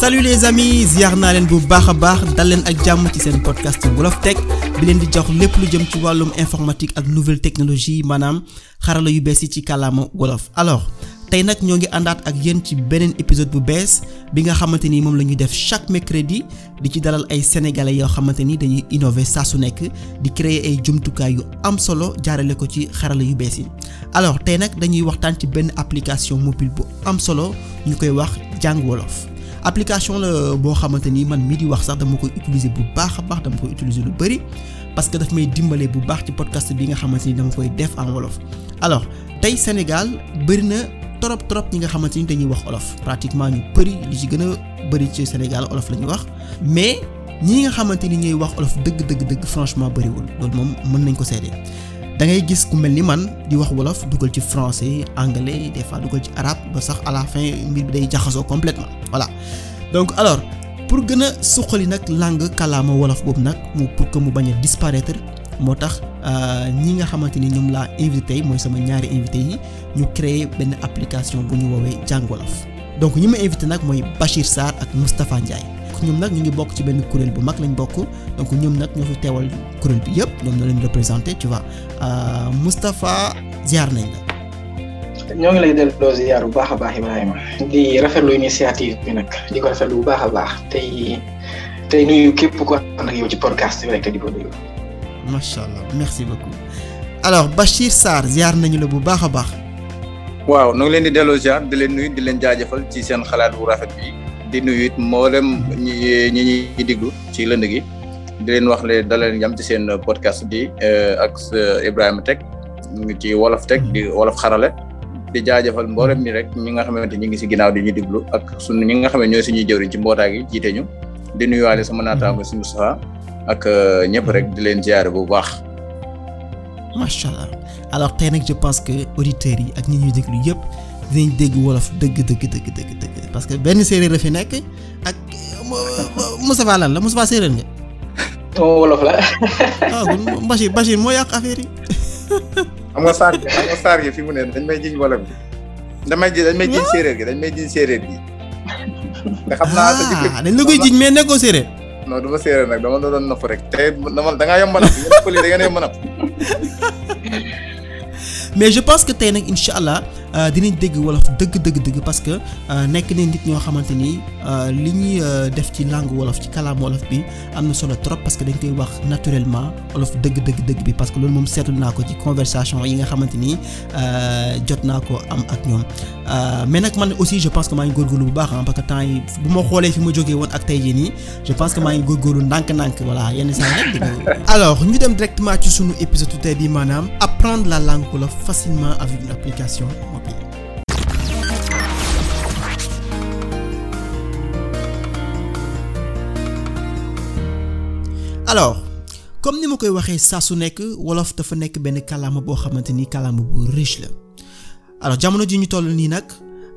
salut les amis ziar naa leen bu baax a baax dal leen ak jàmm ci seen podcast Wolof Tech bi leen di jox lépp lu jëm ci wàllum informatique ak nouvelle technologie maanaam xarala yu bees yi ci kàllaama wolof alors tey nag ñoo ngi àndaat ak yéen ci beneen épisode bu bees bi nga xamante ni moom la ñuy def chaque mercredi di ci dalal ay sénégalais yoo xamante ni dañuy innover saa su nekk di créer ay jumtukaay yu am solo jaarale ko ci xarala yu bees yi alors tey nag dañuy waxtaan ci benn application mobile bu am solo ñu koy wax jàng application la boo xamante ni man mii di wax sax dama koy utiliser bu baax a baax dama koy utiliser lu bëri parce que daf may dimbale bu baax ci podcast bi nga xamante ni dama koy def en alors tey Sénégal bëri na trop trop ñi nga xamante ni dañuy wax olof pratiquement ñu bëri li ci gën a bëri ci Sénégal olof lañu wax mais ñi nga xamante ni ñooy wax olof dëgg dëgg dëgg franchement bëriwul loolu moom mën nañ ko seede. da ngay gis ku mel ni man di wax wolof dugal ci français anglais des fois dugal ci arab ba sax à fin mbir bi day jaxasoo complètement voilà donc alors pour gën a suqali nag langue kàllaama wolof boobu nag mu pour que mu bañ a disparaître moo tax euh, ñi nga xamante ni ñoom laa invité mooy sama ñaari invité yi ñu créer benn application bu ñu woowee jàng wolof donc ñi ma invité nag mooy Bachir Sarr ak Moustapha Ndiaye. ñoom nag ñu ngi bokk ci benn kuréel bu mag lañ bokk donc ñoom nag ñoo fi teewal kuréel bi yëpp ñoom ñoo leen représenté tu vois euh, Moustapha ziar nañ la. ñoo ngi lay delloo ziar bu baax a baax Ibrahima di rafetlu initiative bi nag di ko rafetlu bu baax a baax tey tey nuyu képp ko ànd ak yow ci podcast bi rek di ko nuyu. macha merci beaucoup alors Bachir Sarr ziar nañu la bu baax a baax. waaw ñoo ngi leen di delloo ziar di leen nuyu di leen jaajëfal ci seen xalaat bu rafet bi di nuyu it mboolem ñi ñi diglu ci lënd gi di leen wax le dala daleen jam ci seen podcast bi eh, ak Ibrahima Tech ci wolof teg di wolof xarale di jaajëfal mboolem ñi rek ñi nga xamante ñi ngi si ginnaaw di ñu diglu ak sunu ñi nga xam ne ñooy suñuy jëwriñ ci mbootaay gi jiite ñu di nuyu nuyuwaale sama naataango si Moustapha ak eh, ñëpp rek di leen ziare bu baax. macha allah alors tey nag je pense que auditeurs yi ak ñi ñuy déglu yëpp. dinañ dégg wolof dëgg dëgg dëgg dëgg dëgg parce que benn séeréer la fi nekk ak Moustapha lan la Moustapha séeréer nga. moom wolof la. ah kon Bachir moo yàq affaire yi. xam nga saar gi saar fi mu ne dañ may jiñ wolof bi damay ji dañ may jiñ séeréer gi dañ may jiñ séeréer gi. te xam naa sa ah, dañ la koy jiñ mais nekkoo séeréer. non du ma séeréer nag dama doon nopp rek te dama da ngaa yomb a mais je pense que tey nag incha allah Euh, dinañ dégg wolof dëgg dëgg dëgg parce que euh, nekk na nit ñoo xamante ni euh, li ñuy def ci langue wolof ci kàllaama wolof bi am na solo trop parce que dañ koy wax naturellement wolof dëgg dëgg dëgg bi parce que loolu moom seetlu naa ko ci conversation yi nga xamante ni jot naa ko am ak ñoom mais nag man aussi je pense que maa ngi góorgóorlu bu baax parce que temps yi bu ma xoolee fi ma jógee woon ak tey jii nii je pense que maa ngi góorgóorlu ndànk-ndànk voilà yenn saa yi rek dem directement ci sunu épisode tey bi maanaam apprendre la langue wolof facilement avec une alors comme ni ma koy waxee saa su nekk wolof dafa nekk benn kàllaama boo xamante ni kàllaama bu riche la alors jamono ji ñu toll nii nag.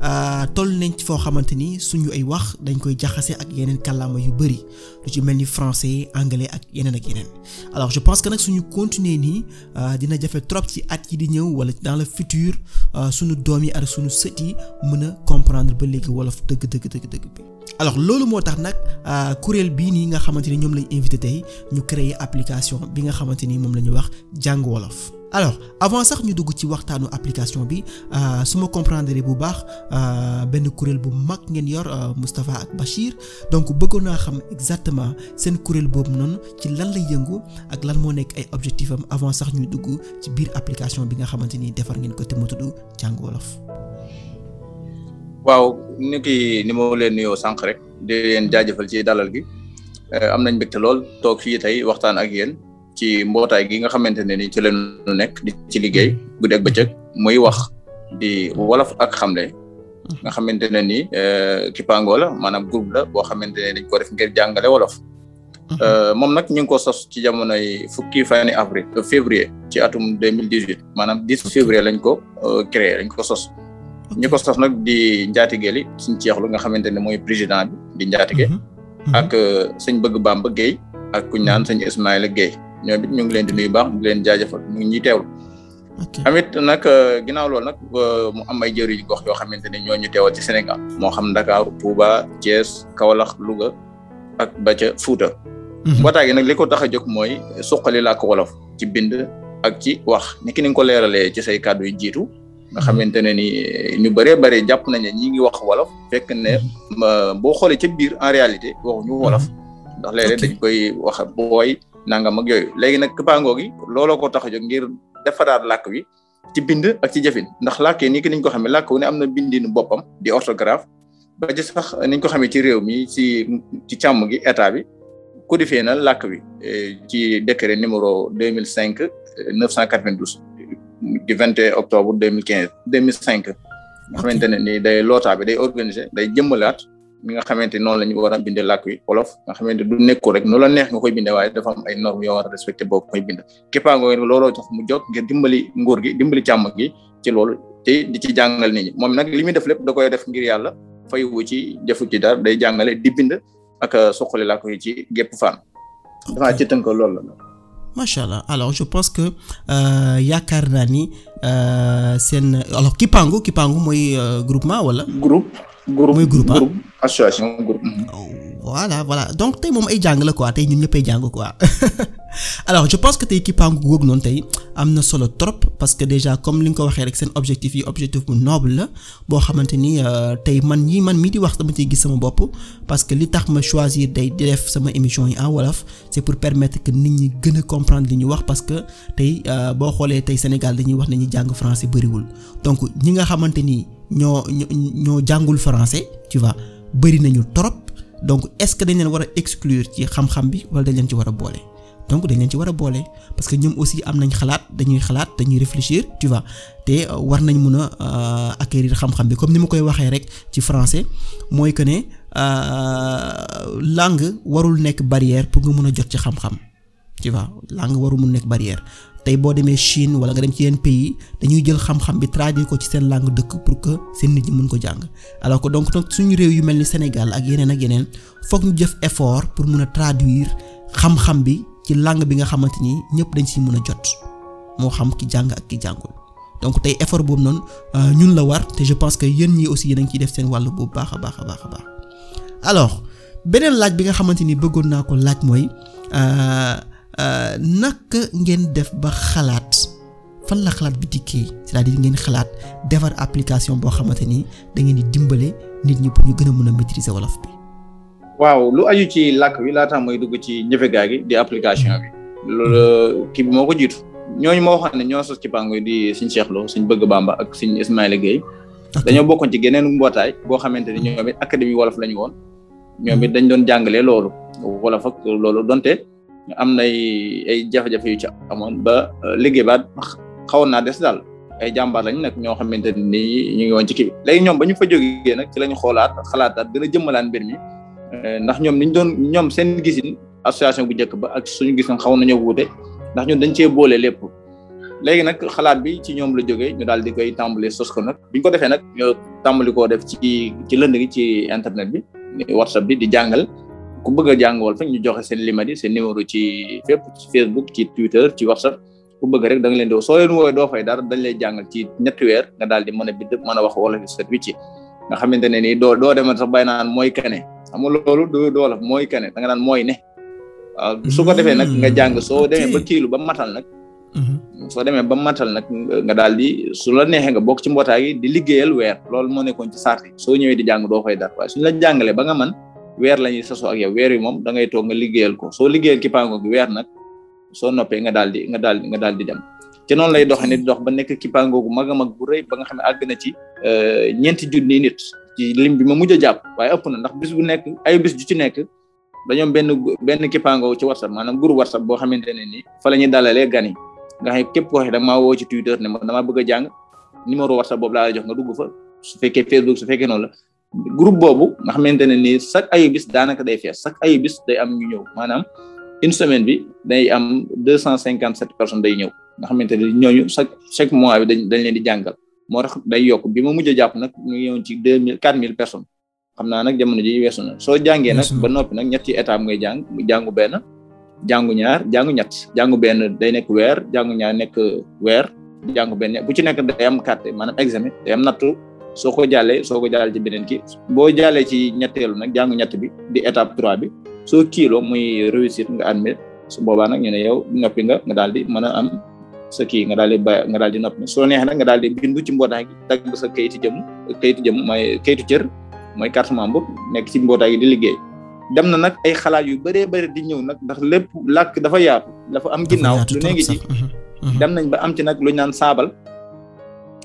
Euh, toll nañ ci foo xamante ni suñu ay wax dañ koy jaxase ak yeneen kàllaama yu bëri lu ci mel ni français anglais ak yeneen ak yeneen alors je pense que nag suñu continuer nii euh, dina jafe trop ci at yi di ñëw wala dans le futur euh, suñu doom yi ak suñu sët yi mën a comprendre ba léegi wolof dëgg dëgg dëgg dëgg bi alors loolu moo tax nag kuréel bii nii nga xamante ni ñoom lañ invité tey ñu créer application bi nga xamante ni moom la ñuy wax jàng wolof alors avant sax ñu dugg ci waxtaanu application bi euh, su ma comprendre bu baax euh, benn kuréel bu mag ngeen yor euh, Moustapha ak Bachir donc bëggoon naa xam exactement seen kuréel boobu noonu ci lan la yëngu ak lan moo nekk ay objectif am avant sax ñu dugg ci biir application bi nga xamante ni defar ngeen ko te mu tudd Jàng Wolof. waaw ni ki ni ma leen nuyoo sànq rek di leen jaajëfal ci dalal gi am nañ mbégte lool toog fii tey waxtaan ak yéen. ci mbootaay gi nga xamante ne ni ci lañu nekk di ci liggéey guddeeg bëccëg muy wax di wolof ak xamle nga xamante ne ni Kipango euh, la maanaam groupe la boo xamante ne dañ ko def ngir jàngale wolof mhm. euh, moom nag ñu ngi ko sos ci jamonoy fukki fani avril euh, février ci atum deux mille dix huit maanaam dix février lañ ko créé lañ ko sos ñu ko sos nag di njaatigeel yi suñ ceexlu nga xamante ne mooy président bi di njaatige mhm. Mhm. ak sëñ bëgg Bamba Guèye ak kuñ naan sëñ Ismaïla Guèye ñoom it ñu ngi leen di nuyu baax ñu leen jaajëfal ñu ngi ñuy teewlu. amit nag euh, ginnaaw loolu euh, mu am ay jëriñ gox yoo xamante ne ñoo ñu teewal ci Sénégal moo xam Dakar Touba Thiès kawalax Louga ak ba ca Fuuta. mbootaay mhm. gi nag li ko tax a jóg mooy suqali làkk wolof ci bind ak ci wax ni ki ni nga ko leeralee ci say kàddu yi jiitu. nga mhm. xamante ne ni eh, ñu bëree bëri jàpp nañ ñi ngi wax wolof fekk ne mhm. boo xoolee ci biir en réalité waxuñu wolof ndax léeg-léeg dañ koy wax booy. nangam ak yooyu léegi nag këppaangoo gi looloo ko tax a jóg ngir defaraat làkk wi ci bind ak ci jëfin ndax làkk yi nii ki niñ ko xamee làkk wu ne am na bindinu boppam di orthographe ba ci sax niñ ko xamee ci réew mi ci ci càmm gi état bi codifié na làkk wi e, ci décret numéro deux mille cinq neuf cent quatre-vingt-douze du vingt et octobre deux mille quinze deux mille cinq nga xamante ne ni day lootaa bi day organiser day jëmmalaat mi nga xamante noonu la ñu war a binde làkk wi wolof nga xamante du nekku rek nu la neex nga koy binde waaye dafa am ay normes yoo war a respecté boobu koy bind képpaango looloo tax mu jóg ngir dimbali gi dimbali càmm gi ci loolu te di ci jàngal nit moom nag li muy def def ngir yàlla fayu ci defu ci dara day jàngale di bind ak uh, suqali làkk ci gépp fànn dafaa ci tënk loolu la macha allah alors je pense que euh, yaakaar naa ni euh, seen alors Kipangu Kipangu mooy euh, groupement wala groupe groupe muy groupe ah. groupe association groupe. Mm. voilà voilà donc tey moom ay jàng la quoi tey ñu ñëpp ay jàng quoi alors je pense que tey kippaangu googu noonu tey am na solo trop parce que déjà comme li nga ko waxee rek seen objectif yi objectif bu noble la boo xamante ni euh, tey man ñi man mii di wax dama ciy gis sama bopp parce que li tax ma choisir day di def sama émission yi en wolof c'est pour permettre que nit ñi gën a comprendre li ñu wax parce que tey euh, boo xoolee tey Sénégal dañuy wax nañu jàng français bëriwul donc ñi nga xamante ni. ñoo ñoo jàngul français tu vois bëri nañu trop donc est-ce que dañ leen war a exclure ci xam-xam bi wala dañ leen ci war a boole donc dañ leen ci war a boole parce que ñoom aussi am nañ xalaat dañuy xalaat dañuy réfléchir tu te euh, war nañ mun a euh, acquérir xam-xam bi comme ni ma koy waxee rek ci français mooy que ne euh, langue warul nekk barrière pour nga mun a jot ci xam-xam tu vois langue warul mun nekk barrière tey boo demee Chine wala nga dem ci yenn pays dañuy jël xam-xam bi traduire ko ci seen langue dëkk pour que seen nit ñi mën ko jàng alors que donc donc suñu réew yu mel ni Sénégal ak yeneen ak yeneen foog ñu jëf effort pour mun a traduire xam bi ci langue bi nga xamante ni ñëpp dañ si mën a jot moo xam ki jàng ak ki jàngul donc tey effort boobu noonu euh, ñun la war te je pense que yéen ñi aussi yéen ciy def seen wàll bu baax baax a baax alors beneen laaj bi nga xamante ni bëggoon naa ko laaj mooy. Euh, Euh, naka ngeen def ba xalaat fan la xalaat bi dikkee c'est-à-dire ngeen xalaat defar application boo xamante ni da di dimbale nit ñi pour ñu gën a mën wolof bi. waaw lu aju ci làkk bi laata mooy dugg ci ñëfegaay gi di application bi. loolu kii bi moo ko jiitu. ñooñu moo xam ne ñoo sos ci bango di suñ Cheikh Lo suñ Bëgg Bamba ak suñ Ismaïla Guèye. dañoo bokkoon ci geneen mbootaay boo xamante ni ñoom it académie wolof lañu woon. ñoom it dañ doon jàngalee loolu. am nay ay jafe-jafe yu ci amoon ba euh, liggéey ba xawoon naa des daal ay jàmbaar lañ nag ñoo xamante ni ñu ngi woon ci kii bi léegi ñoom ba ñu fa jógee nag ci la ñu xoolaat xalaataat gën a jëmmalaan mbir mi euh, ndax ñoom niñ doon ñoom seen gisin association bu njëkk ba ak suñu gisin xaw nañoo wuute ndax ñun dañ cee boole lépp léegi nag xalaat bi ci ñoom la jógee ñu daal di koy tàmbali sos ko nag biñ ko defee nag ñoo tàmbali koo def ci ci lënd gi ci internet bi whatsapp bi di jàngal ku bëgg a jàng Walf ñu joxe seen limadi seen numéro ci fépp ci Facebook ci Twitter ci WhatsApp ku bëgg rek da leen di soo leen woowee doo fay dara dañ lay jàngal ci ñetti weer nga daal mën a bind mën a wax wolof set wi ci nga xamante ne nii doo doo demal sax bay naan mooy kane xam nga loolu du doolaf mooy kane da nga mooy ne su ko defee nag nga jàng soo demee ba kiilu ba matal nag mm-hmm. soo demee ba matal nag nga daal di su la neexee nga bokk ci mbootaay di liggéeyal weer loolu moo nekkoon ci sart yi soo ñëwee di jàng doo fay dara waaye suñ la jàngalee ba nga man weer la ñuy sasoo ak yow weer wi moom dangay toog nga liggéeyal ko soo liggéeyal ki pango weer nag soo noppee nga daal di nga daal nga daal di dem ci noonu lay doxee nit dox ba nekk ki pango gu mag a mag bu rëy ba nga xam ne na ci euh, ñeenti junni nit ci lim bi ma mujj jàpp waaye ëpp na ndax bis bu nekk ay bis ju ci nekk dañoom benn benn kipango ci whatsapp maanaam groupe whatsapp boo xamante ne ni fa la ñuy dalalee gan yi nga xam képp koo xam ne da nga maa woo ci Twitter ne ma damaa bëgg a jàng numéro whatsapp boobu laa jox nga dugg fa su fekkee Facebook su fekkee noonu la groupe boobu nga ne nii chaque ayu bis daanaka day fees chaque ayu bis day am ñu ñëw maanaam une semaine bi day am deux cent cinquante sept personnes day ñëw nga xamante ne ñooñu chaque chaque mois bi dañ dañ leen di jàngal moo tax day yokk bi ma mujj jàpp nag ñu ñëw ci deux mille quatre mille personnes xam na nag jamono ji weesu na soo jàngee nag ba noppi nag ñetti étape ngay jàng jàngu benn jàngu ñaar jàngu ñett jàngu benn day nekk weer jàngu ñaar nekk weer jàngu benn bu ci nekk day am carte maanaam examen day am soo ko jàllee soo ko jàll ci beneen kii boo jàllee ci ñetteelu nag jàngu ñett bi di étape trois bi soo kiilo muy réussite nga admet su boobaa nag ñu ne yow noppi nga nga daal di mën a am sa kii nga daal di ba nga daal di noppi soo neexee nag nga daal di bindu ci mbootaay gi dagg sa kayitu jëm kayitu jëm mooy kayitu cër mooy carte membre nekk ci mbootaay gi di liggéey dem na nag ay xalaat yu bëree bëri di ñëw nag ndax lépp làkk dafa yaatu dafa am ginnaaw lu ne ngi ci mhm. Mhm. dem nañ ba am ci nag lu naan saabal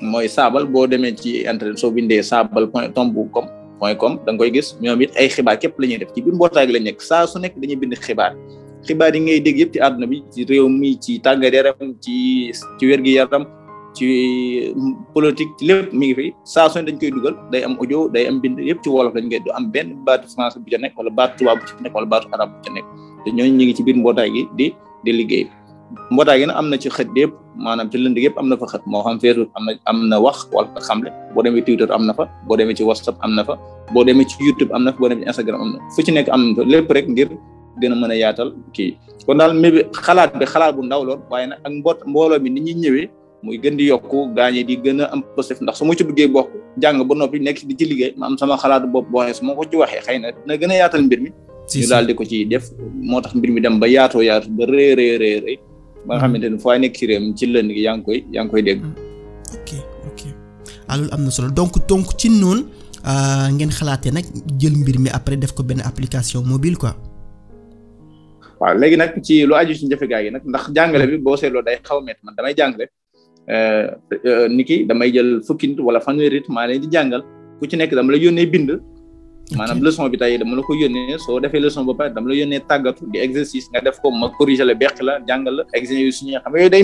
mooy saabal boo demee ci internet soo bindee saabal point tombu com point comme da nga koy gis ñoom it ay xibaar képp la ñuy def ci biir mbootaay gi lañ nekk saa su nekk dañuy bind xibaar xibaar yi ngay dégg yëpp ci àdduna bi ci réew mi ci tàggat yaram ci ci wérgi yaram ci politique ci lépp mi ngi fi saaso ne dañ koy dugal day am audio day am bind yëpp ci wolof lañ koy du am benn baat français bu ca nekk wala baatu tubaab bu ca nekk wala arab bu nekk te ñooñu ñu ngi ci biir mbootaay gi di di liggéey mbootaay gi nag am na ci xët yëpp maanaam ci lënd yëpp am na fa xët moo xam Facebook am na am na wax wala xamle boo demee Twitter am na fa boo demee ci WhatsApp am na fa boo demee ci YouTube am na fa boo demee ci Instagram am na ci nekk am na lépp rek ngir dina mën a yaatal kii kon daal mébi xalaat bi xalaat bu ndaw lool waaye nag ak mboot mbooloo mi ni ñuy ñëwee muy gën di yokku gaañe di gën a am positif ndax su ma ci bëggee bokk jàng ba noppi nekk di ci liggéey ma am sama xalaatu bopp boo xam ne su ma ko ci waxee xëy na dina gën a yaatal mbir mi ñu daal de ko ciy def moo tax mbir mi dem ba yaatoo yaatu ba rëy ba nga xamante ni foo nekk ci réew ci lënd gi yaa ngi koy yaa koy dégg. Hmm. ok ok ah, am na solo donc donc ci noonu ah, ngeen xalaatee nag jël mbir mi après def ko benn application mobile quoi. waaw léegi nag ci lu aju ci njëfegaay gi nag ndax jàngale bi boo seetloo day xaw a métti man damay jàngale euh, euh, nit ki damay jël fukki nit wala fanweeri nit maa leen di jàngal ku ci nekk dama la yónnee bind maanaam leçon bi tey dama la ko yónnee soo defee leçon ba pare dama la yónnee tàggatu di exercice nga def ko ma corriger la beq la jàngal la examen yu suñu xam nga yooyu day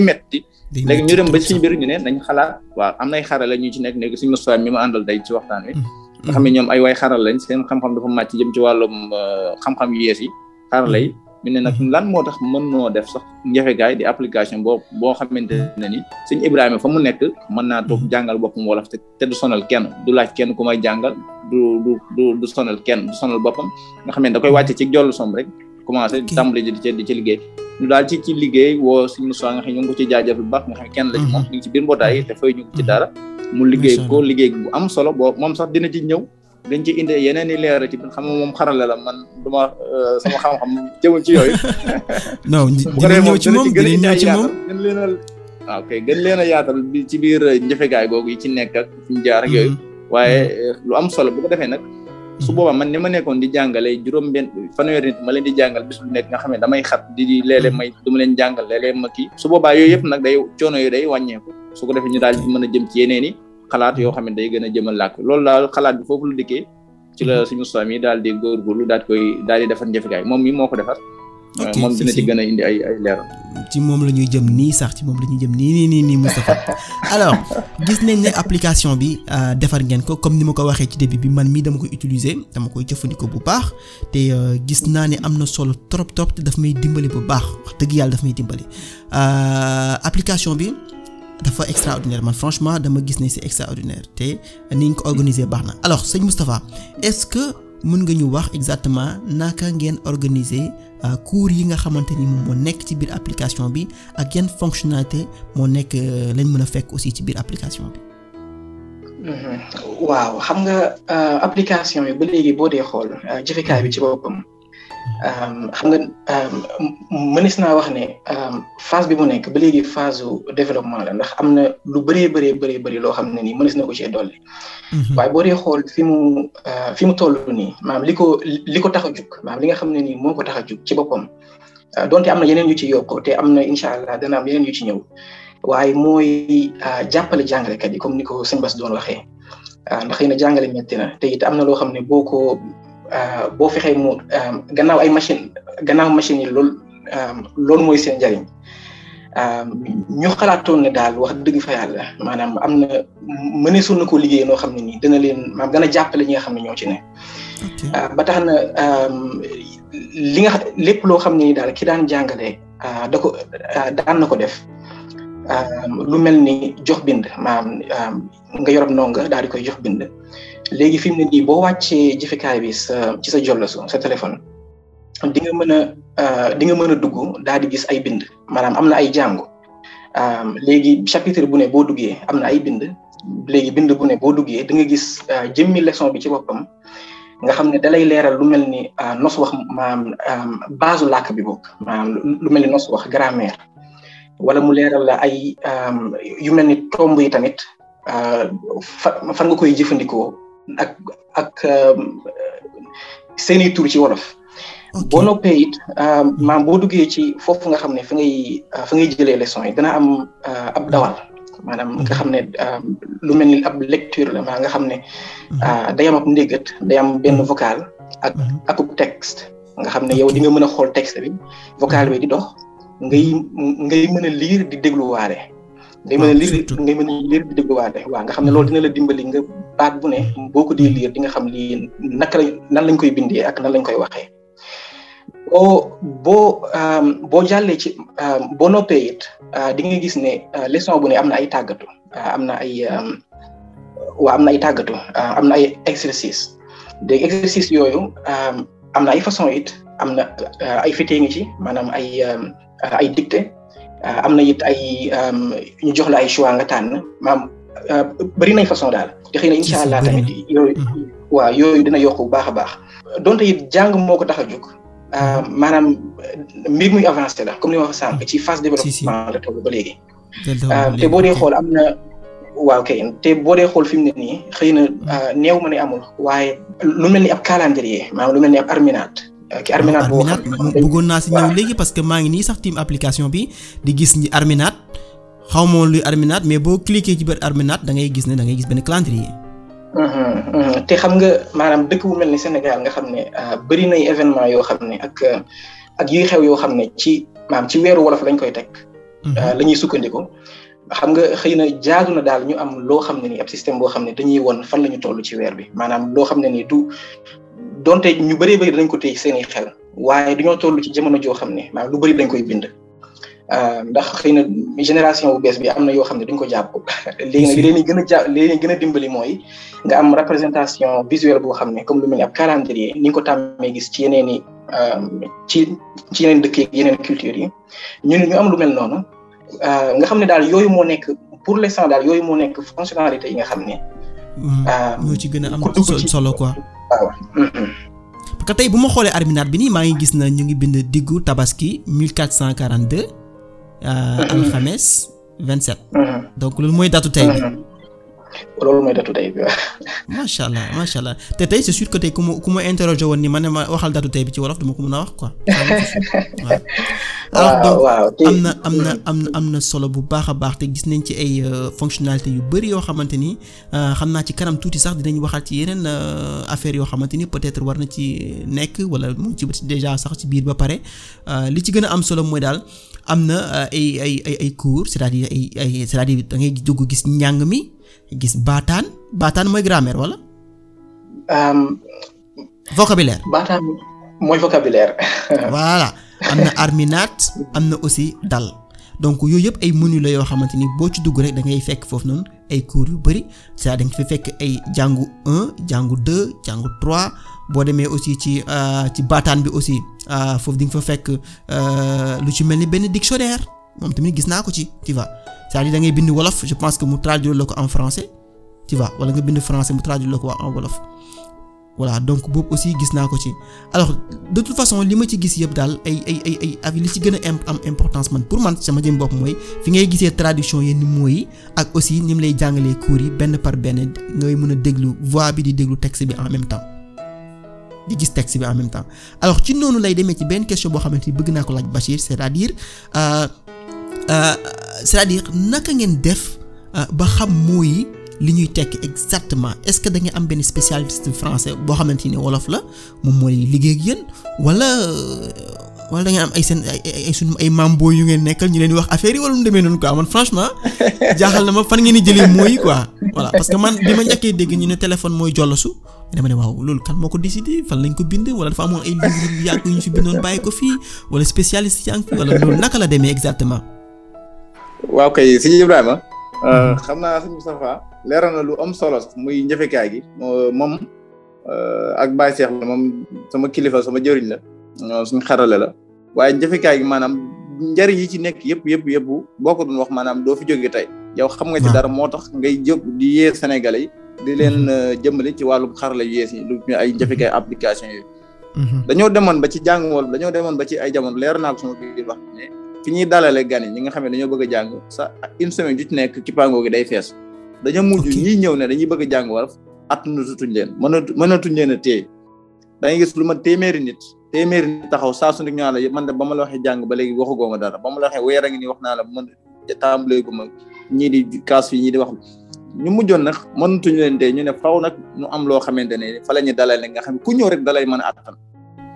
ba suñu biir ñu ne nañ xalaat waaw am nay xarala ñu ci nekk léegi suñu mosuwaay mi ma àndal day ci waxtaan wi mm-hmm. ne ñoom ay waay xaral lañ seen xam-xam dafa màcc jëm ci wàllum euh, xam-xam yu yees yi xarala yi mm-hmm. ñu ne nag mm-hmm. lan moo tax mën noo def sax njafegaay di application boo boo xamante na ni sëñ Ibrahima fa mu nekk mën naa toog jàngal boppam wolof te du sonal kenn du laaj kenn ku may jàngal du du du sonal kenn du sonal boppam nga xam ne koy wàcce ci jollu som rek commencé tàmbali di ci di ci liggéey ñu daal ci ci liggéey woo suñu Moussa nga xam ne ñu ngi ko ci jaajëf bu baax nga kenn la ci moom mhm. ci biir mbootaay te fay ñu ci mhm. dara mu liggéey ko liggéey bu am solo boo moom sax dina ci ñëw dañ ci indi yeneen i leeral ci xam nga moom xarala la man duma euh, sama xam-xam jëmul ci yooyu non dina ñëw ci moom dina ñëw ci moom gën leen a waaw ah, gën leen a yaatal bi ci biir euh, njëfegaay googu yi ci nekk ak ñu jaar ak yooyu mhm. waaye hmm. eh, lu am solo bu ko defee nag su hmm. boobaa man ni ma nekkoon di jàngale juróom benn fanweeri nit ma leen di jàngal bis bu nekk nga xam ne damay xat di di hmm. may du ma leen jàngal léeg-léeg ma kii su boobaa yooyu yëpp nag day coono yu day wàññeeku su ko defee ñu daal di mën a jëm ci yeneen i xalaat yoo xam ne day gën a jëmal làkk loolu daal xalaat bi foofu lu dikkee ci la suñu soom yi daal di góorgóorlu daal di koy daal di defar njëfikaay moom mi moo ko defar ok moom ci a indi ay ci moom la ñuy jëm nii sax ci moom la jëm nii nii nii nii Moustapha gis nañ ne application bi euh, defar ngeen ko comme ni ma ko waxee ci début bi man mii dama koy utiliser dama koy jëfandikoo bu baax te euh, gis naa ni am na solo trop trop te daf muy dimbali bu baax wax dëgg yàlla daf may dimbali euh, application bi. dafa extraordinaire man franchement dama gis ne c'est extraordinaire te ni ñu ko organisé baax na alors sëñ Moustapha mën nga ñu wax exactement naka ngeen organiser euh, cours yi nga xamante ni moom moo nekk ci biir application bi ak yan fonctionnalité moo nekk euh, lañ mën a fekk aussi ci biir application bi. Mm-hmm. waaw xam nga euh, application yi ba léegi boo dee xool jëfekaay bi ci boppam. Um, xam nga um, mënees naa wax ne um, phase bi mu nekk ba léegi phase su développement la ndax am na lu bëree bëree bëree bëri loo xam ne nii mënees na ko cee dolli. Mm-hmm. waaye boo dee xool fi mu uh, fi mu toll nii maanaam li ko li ko tax a jug maanaam li nga xam ne nii moo ko tax a jug ci boppam uh, donte am na yeneen yu ci yokk te am na incha allah dana am yeneen yu ci ñëw waaye mooy uh, jàppale jàngalekat yi comme ni ko sëñ Bass doon waxee. ndax xëy na jàngale metti na te it am na loo xam ne boo ko Euh, boo fexee mu euh, gannaaw ay machine ganaaw machine yi lool euh, loolu mooy seen njariñ ñu xalaatoon ne daal wax dëgg fa yàlla maanaam am na mëneesoon na koo liggéey noo xam ne nii dana leen maam dana jàppale ñi nga xam ne ñoo ci ne. li nga lépp loo xam nii daal ki daan jàngale da ko na ko def lu mel ni jox bind maam nga yorob ndongo daal di koy jox bind. léegi fi mu ne nii boo wàccee jëfekaay bi sa ci sa jollosu sa téléphone di nga mën a euh, di nga mën a dugg daal di gis ay bind maanaam am na ay jàngu euh, léegi chapitre bu ne boo duggee am na ay bind léegi bind bu ne boo duggee di nga gis euh, jëmmi leçon bi ci boppam nga xam ne dalay leeral lu mel ni nos wax maanaam base làkk bi bokk maanaam lu mel ni nos wax grammaire wala mu leeral ay yu mel ni tomb yi tamit fan nga koy jëfandikoo. ak ak um, seeni tur ci wolof. boo noppee it um, maam boo duggee ci foofu nga xam ne fa ngay uh, fa ngay jëlee leçon yi dana am uh, ab dawal maanaam nga xam ne um, lu mel ni ab lecture la maanaam nga xam ne mhm. uh, day am ab ndéggat day am benn mhm. vocal ak mhm. ak texte nga xam ne yow di nga mën a xool texte bi vocal bi di dox ngay ngay mën a lire di dégluwaale. day mën a lire ngay mën a lire di dégluwaate waaw nga xam ne loolu dina la dimbali nga baat bu ne boo ko dee lire di nga xam lii naka la nan lañ koy bindee ak nan lañ koy waxee boo boo jàllee ci boo noppee it di nga gis ne leçon bu ne am na ay tàggatu am na ay waaw am na ay tàggatu am na ay exercice des exercice yooyu am na ay façon it am na ay fitee ngi ci maanaam ay ay dictée Euh, am na it ay euh, ñu jox la ay choix nga na maam euh, bëri nañ façon daal te xëy na incha allah tamit yooyu mm-hmm. waaw yooyu dina yokk bu baax a baax donte it jàng moo ko tax a jóg mm-hmm. maanaam mbir muy avancé la comme li ma wax sànq mm-hmm. ci phase développement la toll ba léegi te boo dee xool am na waaw kay te boo dee xool fi mu ne nii xëy na néew ma ne amul waaye lu mel ni ab calendrier maanaam lu mel ni ab arminate ki Arminat boo xam ne bëggoon naa si ñëw léegi parce que maa ngi nii sax tiim application bi di gis ni Arminat xaw ma woon luy Arminat mais boo cliquer ci biir Arminat dangay gis ne da ngay gis benn calendrier. Mhm, mhm. te xam nga maanaam dëkk bu mel ni Sénégal nga xam ne ah, bëri nay événement yoo xam ne ak ak yuy xew yoo xam ne ci maam ci weeru wolof lañ koy teg. Mhm. Ah, la ñuy sukkandiku. xam nga xëy na jaadu na daal ñu am loo xam ne nii ab système boo xam ne dañuy won fan la ñu toll ci weer bi maanaam donte ñu bëree bëri dañ ko téye seen i xel waaye dañoo toll ci jamono joo xam ne lu bëri dañ koy bind euh, ndax xëy na génération bu bees bi am na yoo xam ne duñ ko jàpp léegi nag li leen gën a jàpp li leen a dimbali mooy nga am représentation visuelle boo xam ne comme lu mel ni ab calendrier ni nga ko tàmmee gis ci yeneen i euh, ci ci yeneen dëkk yeneen culture yi ñu ne ñu am lu mel noonu euh, nga xam ne daal yooyu moo nekk pour l'instant daal yooyu moo nekk fonctionnalité yi nga xam ne. Mm, moo ci gën a am solo ko waaw. parce que tey bu ma xoolee arminaat bi nii maa ngi gis na ñu ngi bind diggu tabaski 1442. vingt 27. donc loolu mooy datu tey bi. loolu mooy datu tey bi waaw. macha allah macha allah te tey c'est sûr que tey ku mu ku mu interroger woon ni ma ne ma waxal datu tey bi ci wolof duma ko mën a wax quoi. waaw am na am na am na solo bu baax a baax te gis nañ ci ay euh, fonctionnalités yu bëri yoo xamante ni euh, xam naa ci kanam tuuti sax dinañ waxal ci yeneen euh, affaire yoo xamante ni peut-être war na ci nekk wala mu ngi ci déjà sax ci biir ba pare li ci gën a am solo mooy daal. am na euh, ay ay ay ay cours cest à ay ay cest à da ngay dugg gis njàng mi gis baataan baataan mooy grammaire wala. vocabulaire. baataan mooy vocabulaire. voilà am na arminaat am na aussi dal donc yooyu yëpp ay munu la yoo xamante ni boo ci dugg rek da ngay fekk foofu noonu. ay cours yu bëri cest à nga fi fekk ay jàngu 1 jàngu 2 jàngu 3 boo demee aussi ci euh, ci baataan bi aussi euh, foofu di nga fa fekk euh, lu ci mel ni benn dictionnaire moom tamit gis naa ko ci tu vois c'est-à-dire da ngay bind wolof je pense que mu traduire la ko en français tu vois wala nga bind français mu traduire la ko en wolof. voilà donc boobu aussi gis naa ko ci alors de toute façon li ma ci gis yëpp daal ay ay ay ay li ci gën a am importance man pour man sama jëm bopp mooy fi ngay gisee traduction yenn mooy yi ak aussi ni mu lay jàngalee cours yi benn par benn ngay mën a déglu voix bi di déglu texte bi en même temps di gis texte bi en même temps alors ci noonu lay demee ci benn question boo xamante ni bëgg naa ko laaj Bachir c'est-à-dire euh, euh c'est-à-dire naka ngeen def euh, ba xam mots yi li ñuy tekki exactement est-ce que da am benn spécialiste français boo xamante ni wolof la moom mooy liggéey ak yéen wala euh, wala da am ay seen ay sunu ay mambo yu ngeen nekkal ñu leen wax affaire yi wala mu demee noonu quoi man franchement jaaxal na ma fan ngeen di jëlee mooy quoi voilà parce que man bi ma njëkkee dégg ñu ne téléphone mooy jolosu dama ne waaw loolu ko décidé fan bind wala dafa amoon ay livre yu yàgg yu ñu fi bindoon bàyyi ko fii wala la demee exactement. waaw kay sëñ Ibrahima. Euh, mhm. xam naa sa Moustapha leeral lu am solo muy njëfekaay gi moom euh, ak Baye Cheikh la moom sama kilifa sama jëriñ la suñu xarale la waaye njëfekaay gi maanaam njariñ yi ci nekk yëpp yëpp yëpp boo ko doon wax maanaam doo fi jóge tey yow xam nga ci ah. dara moo tax ngay jóg di yee Sénégalais yi di leen mhm. euh, jëmbale ci wàllum xarala yu yees yi lu ay njëfekaay application yooyu mhm. dañoo demoon ba ci jàng wala dañoo demoon ba ci ay jamono leer naa sama biir wax ne fi ñuy dalalee gan ñi nga xam ne dañoo bëgg a jàng sa une semaine ju ci nekk ci pango gi day fees dañoo mujj ñi ñëw ne dañuy bëgg a jàng wolof tuñ leen mënatu mënatuñ leen a téye da gis lu ma téeméeri nit téeméeri taxaw saa su nekk ñu la man de ba ma la waxee jàng ba léegi waxugoo ma dara ba ma la waxee weer a ngi nii wax naa la man tàmbalee ma ñii di kaas yi ñii di wax ñu mujjoon nag mënatuñ leen téye ñu ne faw nag ñu am loo xamante ne fa la ñu dalal nga xam ku ñëw rek dalay mën a attan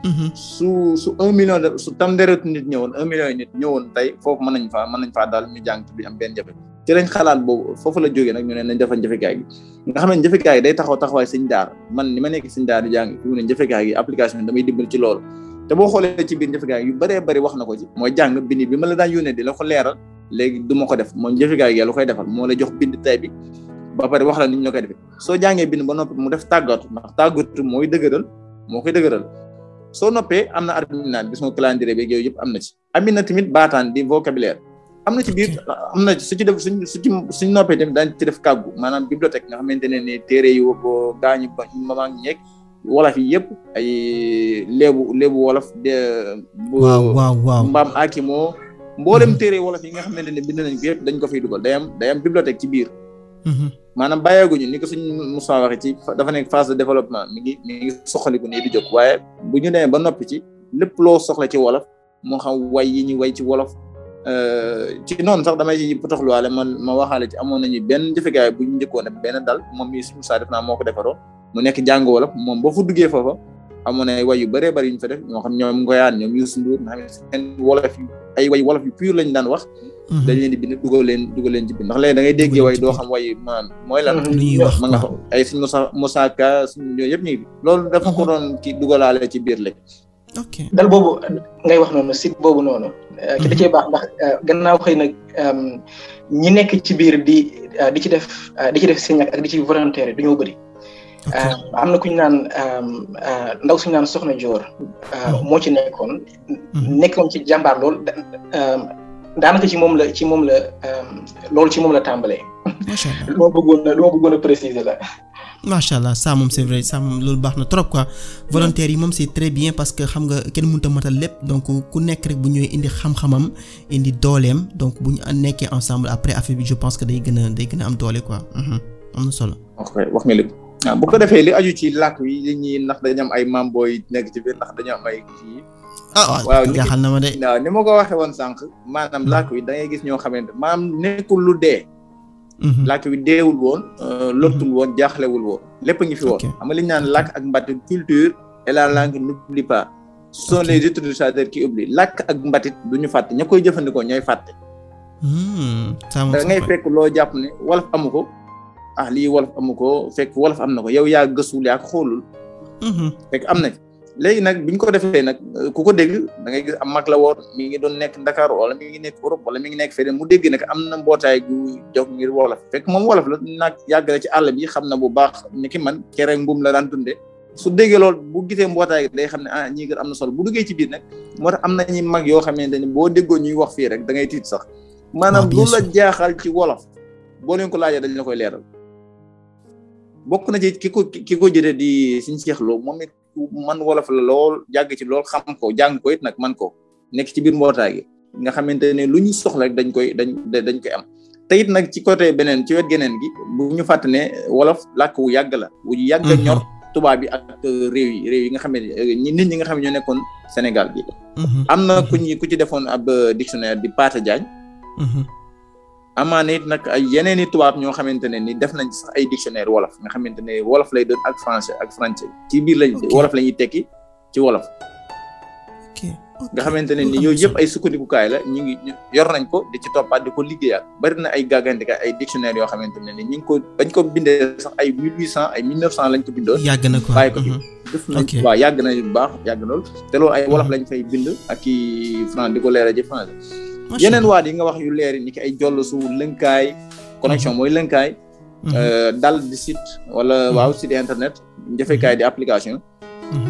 mhm. su su un million su tam deretu nit ñëwoon un million yi nit ñëwoon tey foofu mën nañ faa mën nañ faa daal ñu jàng te am benn jafe ci lañ xalaat boobu foofu la jógee nag ñu ne nañ defal njëfekaay gi nga xam ne njëfekaay gi day taxaw taxawaay sëñ daara man ni ma nekk sëñ daara di jàng fi mu ne njëfekaay gi application damay dimbali ci loolu te boo xoolee ci biir njëfekaay yu bëree bëri wax na ko ci mooy jàng bind bi ma la daan yónnee di la ko leeral léegi du ma ko def moom njëfekaay gi la koy defal moo la jox bind tay bi ba pare wax la ni ñu la koy defee soo jàngee bind ba noppi mu def tàggatu ndax tàggatu mooy dëgëral moo koy dëgërël soo noppee am na arminaat bi sama calendrier bi yooyu yëpp am na ci am na tamit baataan di vocabulaire am na ci biir ah, am na su ci def suñ su ci suñ noppee tamit daañu ci def kàggu maanaam bibliothèque nga xamante ne ni téere yu ko gaañu ba mamaak ñeeg wolof yi yëpp ay léebu léebu wolof de waaw waaw waaw mbaam akimoo mboolem hmm. téere wolof yi nga xamante ne bind nañ ko yëpp dañ ko fi dugal day am day am bibliothèque ci biir hmm. maanaam bàyyeeguñu ni ko suñ Moussa waxee ci dafa nekk phase de développement mi ngi mi ngi soxaliku nii di jog waaye bu ñu nee ba noppi ci lépp loo soxla ci wolof moo xam way yi ñu way ci wolof Euh, ci noonu sax damay potoxluwaale man ma waxaale ci amoon nañu benn jëfekaay bu ñu njëkkoon benn dal moom mi suñu saa def naa moo ko defaroo nekk jàngu wolof moom boo fu duggee foofa amoon ay way yu bëree bëri yu ñu def ñoo xam ñoom Ngoyaan ñoom Youssou Ndour nga xam ne seen wolof yu ay way wolof yu pur lañ daan wax. Mhm. dañ leen di bind dugal leen dugal leen ci bind ndax léegi da déggee way doo xam way maanaam mooy lan. ma nga ay suñu Moussa Moussa Ka suñu yooyu yëpp ñu ngi loolu dafa ko doon ki dugalaale ci biir léegi ok dal boobu ngay wax noonu site boobu noonu. Euh, ki ce mhm. cee baax ndax euh, gannaaw xëy na euh, ñi nekk ci biir di di ci def di ci def seen ñàkk ak di ci volontaire du ñoo bëri. am na ku ñu naan ndaw suñu naan soxna Dior. Oh. moo ci nekkoon. Mhm. nekkoon ci jàmbaar lool daanaka ci moom la ci moom la loolu ci moom la tàmbalee. macha lu ma bëggoon a lu ma bëggoon a la. macha allah ça moom c'est vrai ça moom loolu baax na trop quoi volontaires yi moom c'est très bien parce que xam nga kenn mënut a matal lépp donc ku nekk rek bu ñëwee indi xam-xamam indi dooleem donc bu nekkee ensemble après affaire bi je pense que day gën a day gën a am doole quoi mhm, am na solo. wax nga lépp ah, bu ko defee li aju ci làkk yi li ndax dañu am ay mambo yi nekk ci biir ndax dañu am ay kii. ah waaw jaaxal na ma de. waaw ni ma ko waxee woon sànq maanaam làkk yi da g gis ñoo xamante maanaam nekkul lu Mm-hmm. làkk wi deewul woon euh, lottul mm-hmm. woon jaaxlewul woon lépp a fi woon ama nga li ñu naan làkk ak mbatit culture et la langue n'oublie pas ce sont les utilisateurs ki oublient làkk ak mbatit du ñu fàtte ña koy jëfandikoo ñooy fàtte hmm, da ngay fekk loo jàpp ne wolof amu ko ax ah, lii wolof amu ko fekk wolof am na ko yow yaa gësul yaa ko xoolul hmm, hmm. fekk am na léegi nag bi ñu ko defee nag euh, ku ko dégg dangay gis am mag la woon mi ngi doon nekk Dakar wala mi ngi nekk Europe wala mi ngi nekk feneen mu dégg nag am na mbootaay gu jox ngir wolof fekk moom wolof la nag yàgg na ci àll bi xam na bu baax ni ki man cere mbuum la daan dundee su déggee lool bu gisee mbootaay day xam ne ah ñii gër am na solo bu duggee ci biir nag moo am na ñuy mag yoo xamante ni boo déggoo ñuy wax fii rek dangay tiit sax ah, maanaam lu la jaaxal ci wolof boo leen ko laajee dañ la koy leeral bokk na ci ki ko ki ko jëlee di suñu seexloo moom it man wolof la lool jàgg ci lool xam ko jàng ko it nag man ko nekk ci biir mbootaay gi nga xamante ne lu ñu soxla dañ koy dañ dañ koy am te nag ci côté beneen ci wet geneen gi bu ñu fàtte ne wolof làkk wu yàgg la wu yàgg mhm. ñor tubaab bi ak euh, réew yi réew yi nga xam ne euh, nit ñi nga xam ne ñoo nekkoon Sénégal bi mhm. am na ku mhm. ku ci defoon ab euh, dictionnaire di Pata jaañ amaana it nag ay yeneeni i tubaab ñoo xamante ne ni def nañ sax ay dictionnaire wolof nga xamante ne wolof lay doon ak français ak français ci biir lañ wolof la ñuy tekki ci wolof nga xamante ne ni yooyu yëpp ay sukkandikukaay la ñu ngi yor nañ ko di ci toppaat di ko liggéeyaat bari na ay gàggantikaay ay dictionnaire yoo xamante ne ni ñu ngi ko bañ ko bindee sax ay mille huit cent ay mille neuf cent lañ ko bindoon yàgg na ko bàyyi ko fi mhm. def nañ waaw yàgg na bu baax yàgg lool te loolu ay wolof mhm. lañ fay bind ak i franc di ko leeral j français yeneen waat yi nga wax yu leer yi ni ki ay su lënkaay connexion mooy lënkaay mhm. euh, dal di site wala mhm. waaw site internet njëfekaay di application mhm.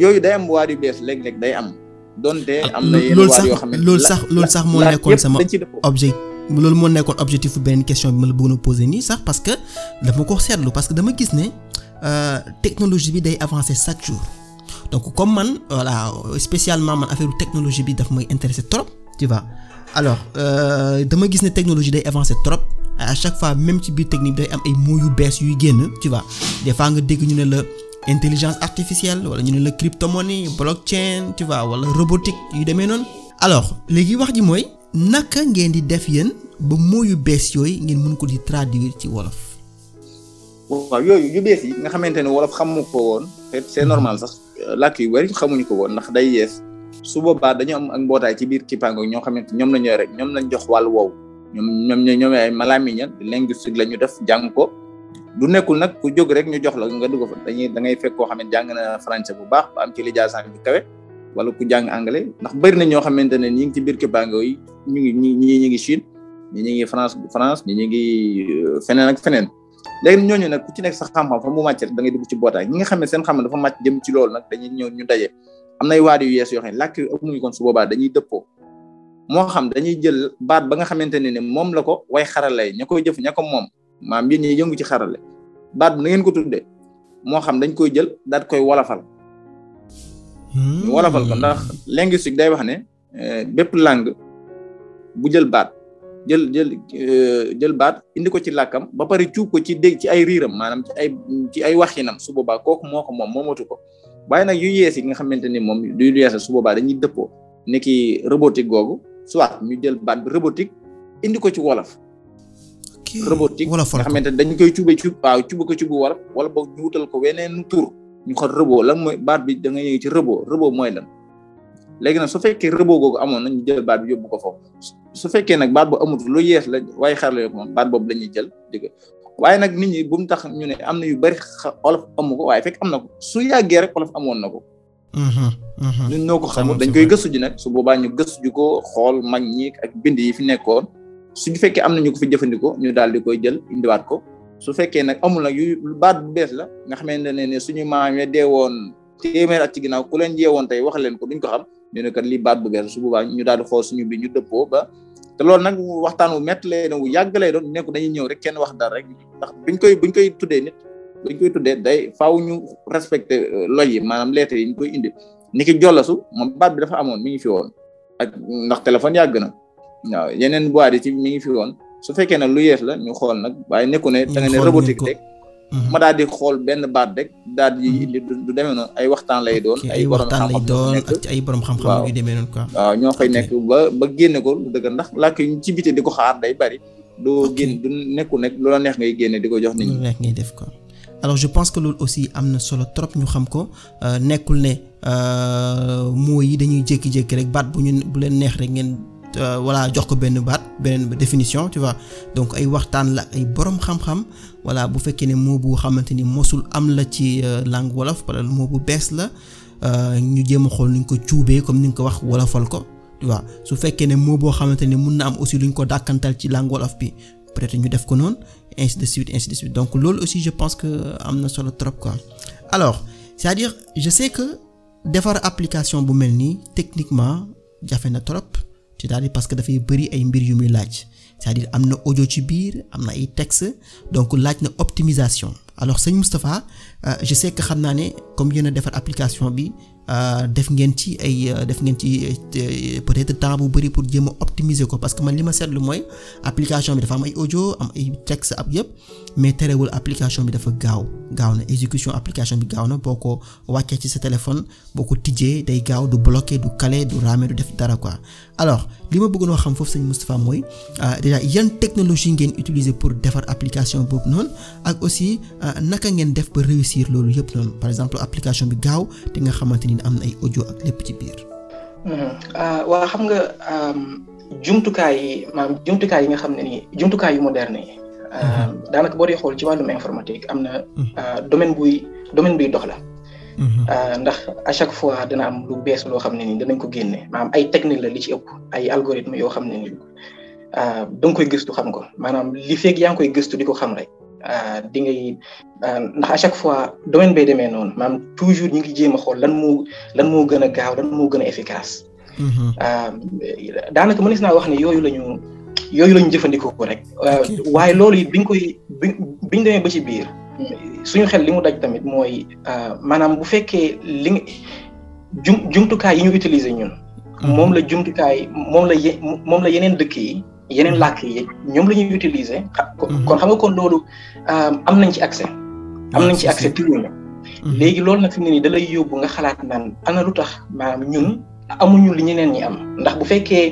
yooyu day am waat yu bees léeg-léeg day am donte ah, am na yenn waat yoo xam ne loolu sax loolu sax moo nekkoon sama objectif loolu moo nekkoon objectif beneen question bi ma la bëggoon a poser nii sax parce que dama ko seetlu parce que dama gis ne euh, technologie bi day avancer chaque jour donc comme man voilà spécialement man affaire technologie bi daf mooy intéresser trop tu alors euh, dama gis ne technologie day avancé trop à chaque fois même ci biir technique day am ay mots yu bees yuy génn tu vois des fois nga dégg ñu ne la intelligence artificielle wala ñu ne la cryptomonnaie blockchain tu vois wala robotique yu demee noonu. alors léegi wax ji mooy naka ngeen di def yéen ba mots yu bees yooyu ngeen mën ko di traduire ci wolof. waaw yooyu yu bees yi nga xamante ne wolof xamu ko woon mhm. normal sax euh, làkk yu bari xamuñu ko woon ndax day yees. su boobaa dañoo am ak mbootaay ci biir kippaango ñoo xamante ñoom la ñooy rek ñoom lañ jox wàll woowu ñoom ñoom ñooy ñoom ay malaamiyeen linguistique la ñu def jàng ko du nekkul nag ku jóg rek ñu jox la nga dugg fa dañuy da ngay fekk xam ne jàng na français bu baax ba am ci lijaasa bi kawe wala ku jàng anglais ndax bëri na ñoo xamante ne ñi ngi ci biir kippaango yi ñu ngi ñi ñii ñu ngi Chine ñi ñu ngi France France ñi ñu ngi euh, feneen ak feneen léegi ñooñu nag ku ci nekk sa xam-xam fa mu màcc rek da ngay ñi nga xam ne seen xam-xam dafa màcc jëm ci loolu nag dañuy ñëw ñu daje am nay waat yu yees yoo xam ne làkk yu amuñu kon su dëppoo moo xam dañuy jël baat ba nga xamante ne ne moom la ko way xarale ña koy jëf ña ko moom maam yéen ñi yëngu ci xarale baat bi na ngeen ko tuddee moo xam dañ koy jël daal koy wolofal. ñu hmm. wolofal ko ndax day wax ne euh, bépp langue bu jël baat jël jël euh, jël baat indi ko ci làkkam ba pare cuub ko ci dégg ci ay riiram maanaam ci ay ci ay waxinam su boobaa kooku moo ko moom moomatu ko waaye nag yu yees yi nga xamante ni moom du yu yees su boobaa dañuy dëppoo nekki robotique googu soit ñu jël baat bi robotique indi ko ci wolof. robotique nga xamante ni dañu koy cuube cub waaw cuube ko cubu wolof wala boog ñu wutal ko weneen tur ñu xool robot lan mooy baat bi da nga ci robot robot mooy lan. léegi nag su fekkee robot googu amoon nañu jël baat bi yóbbu ko foofu su fekkee nag baat bu amut lu yees la waaye xarale ko moom baat boobu la ñuy jël di waaye nag nit ñi bu mu tax ñu ne am na yu bari olof amu ko waaye fekk am na ko su yàggee rek olof amoon na ko. Mm-hmm, mm-hmm. ñun noo ko xamul dañ koy gëstu ji nag su boobaa ñu gëstu ji ko xool mag ñi ak bind yi fi nekkoon su fekkee am na ko fi jëfandikoo ñu daal di koy jël indiwaat ko su fekkee nag amul nag yu baat bu bees la nga xamante ne ne suñu maam ya deewoon téeméer at ci ginnaaw ku leen jeewoon tey wax leen ko duñ ko xam. ñu ne kat li baat bu bees su boobaa ñu daal di xool suñu bi ñu dëppoo ba te loolu nag waxtaan wu métti lay doon wu yàgg lay doon nekku dañuy ñëw rek kenn wax dara rek ndax buñ koy buñ koy tuddee nit buñ koy tuddee day faw ñu respecte euh, loj yi maanaam lettre yi ñu koy indi ni ki jollasu moom baat bi dafa amoon mi ngi fi woon ak ndax téléphone yàgg na waaw yeneen boîte yi ci mi ngi fi woon su fekkee ne lu yees la ñu xool nag waaye nekku ne da nga ne robotique rek Mm-hmm. ma daal di xool benn baat rek daal di indi mm-hmm. du demee noonu ay waxtaan lay doon. ay waxtaan xam-xam lay doon ay borom xam-xam yu demee noonu quoi. waaw ñoo fay nekk ba ba génne ko lu ndax làkk yu ñu ci biti di ko xaar day bari. doo génn du nekku nekk loola ngay génne di ko jox nit ñi. neex ngay def quoi alors je pense que loolu aussi am na solo trop ñu xam ko euh, nekkul ne euh, mots yi dañuy jékki rek baat bu ñu bu leen neex rek ngeen. Euh, voilà jox ko benn baat beneen définition tu donc ay waxtaan la ay boroom xam-xam voilà bu fekkee ne moo boo xamante ni mosul am la ci euh, langue wolof wala moo bu bees la euh, ñu jéem a xool nuñ ko cuubee comme ni nga ko wax wolofal ko waa su fekkee ne moo boo xamante ni mun na am aussi luñ ko dàkkantal ci langue wolof bi peut-être ñu def ko noonu ainsi de suite ainsi de suite donc loolu aussi je pense que euh, am na solo trop quoi alors cest dire je sais que defar application bu mel nii techniquement jafe na trop c'est-à-dire parce que dafay bëri ay mbir yu muy laaj cest à am na audio ci biir am na ay texte donc laaj na optimisation alors sëñ Moustapha euh, je sais que xam naa ne comme yéen a defar application bi euh, def ngeen ci ay euh, def ngeen ci peut-être temps bu bari pour jéem a optimiser ko parce que man li ma seetlu mooy application bi dafa am ay audio am ay texte ab yëpp mais terewul application bi dafa gaaw gaaw na exécution application bi gaaw na boo ko wàccee ci sa téléphone boo ko tijjee day gaaw du bloqué du calé du raame du def dara quoi alors li ma bëggoon xam foofu sëñ Moustapha mooy euh, déjà yan technologie ngeen utiliser pour defar application boobu noonu ak aussi euh, naka ngeen def ba réussir loolu yëpp noonu par exemple application bi gaaw te nga xamante ni am na ay ojo ak lépp ci biir. Mm-hmm. Ah, waa xam nga euh, jumtukaay yi maanaam jumtukaay yi nga xam ne nii jumtukaay yu moderne yi a euh, mhm. daanaka boo dee xool ci wàllum informatique am na mhm. euh, domaine buy domaine buy dox la. Mhm. Euh, ndax à chaque fois dana am lu bees loo xam ne ni danañ ko génne maanaam ay technique la li ci ëpp ay algorithme yoo xam ne ni da nga koy gëstu xam ko maanaam li feeg yaa ngi koy gëstu di ko xam rek di ngay ndax à chaque fois domaine bay demee noonu maanaam toujours ñu ngi jéem a xool lan mu lan moo gën a gaaw lan moo gën a efficace. daanaka mënees naa wax ne yooyu lañu yooyu lañu ñu jëfandikoo rek. Euh, waaye loolu it biñ koy bi biñ demee ba ci biir. suñu xel li mu daj tamit mooy euh, maanaam bu fekkee li jum jumtukaay yi ñu utiliser ñun. Mm-hmm. moom la jumtukaay moom la ye moom la yeneen dëkk yi. yeneen mm-hmm. làkk yi ñoom la ñuy utiliser. Mm-hmm. kon xam nga kon loolu euh, am nañ ci accès. am ah, nañ ci accès tiwu na. léegi loolu nag fi mu ne yóbbu nga xalaat naan ana lu tax maanaam ñun amuñu li ñeneen ñi am ndax bu fekkee.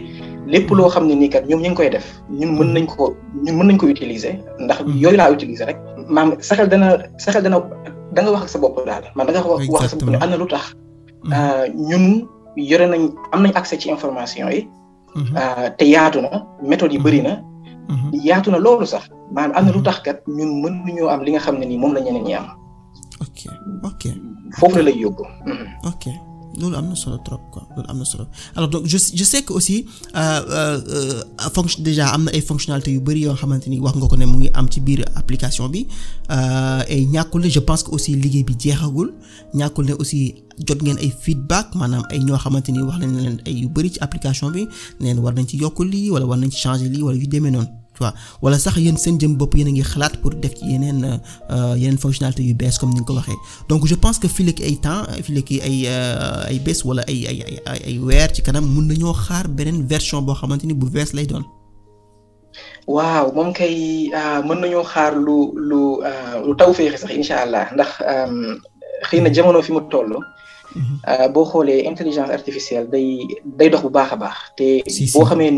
lépp loo xam ne nii kat ñoom ñu ngi koy def ñun mën nañ ko ñun mën nañ ko utiliser ndax mm-hmm. yooyu laa utiliser rek maam saxel dana saxel dana da nga wax ak sa bopp daal maam da nga wax wax sa bopp ne am na lu tax mm-hmm. euh, ñun yore nañ am nañ accès ci information yi mm-hmm. euh, te yaatu na méthode yi bëri na yaatu na loolu sax maanaam am na lu tax kat ñun mën nañoo am li nga xam ne nii moom la ñeneen ñi am ok ok foofu la lay yóbbu loolu am na solo trop quoi loolu am na solo alors donc je je sais que aussi euh, euh, fonction déjà am na ay fonctionnalités yu bari yoo xamante ni wax nga ko ne mu ngi am ci biir application bi euh, et ñàkkul ne je pense que aussi liggéey bi jeexagul ñàkkul ne aussi jot ngeen ay feedback maanaam ay ñoo xamante ni wax nañ leen ay yu bari ci application bi neen war nañ ci yokk lii wala war nañ ci changer lii wala yu demee noonu. tu wala sax yéen seen jëm bopp yéen a ngi xalaat pour def ci yeneen euh, yeneen fonctionnalité yu bees comme ni nga ko waxee donc je pense que fii léegi ay temps fii léegi ay euh, ay wala ay weer ci kanam mën nañoo xaar beneen version boo xamante ni bu bees lay doon. waaw moom kay euh, mën nañoo xaar lu lu lu taw féexe sax incha allah ndax xëy na jamono fi mu toll. Mhm. boo xoolee intelligence artificielle day day dox bu baax a baax. te boo xamee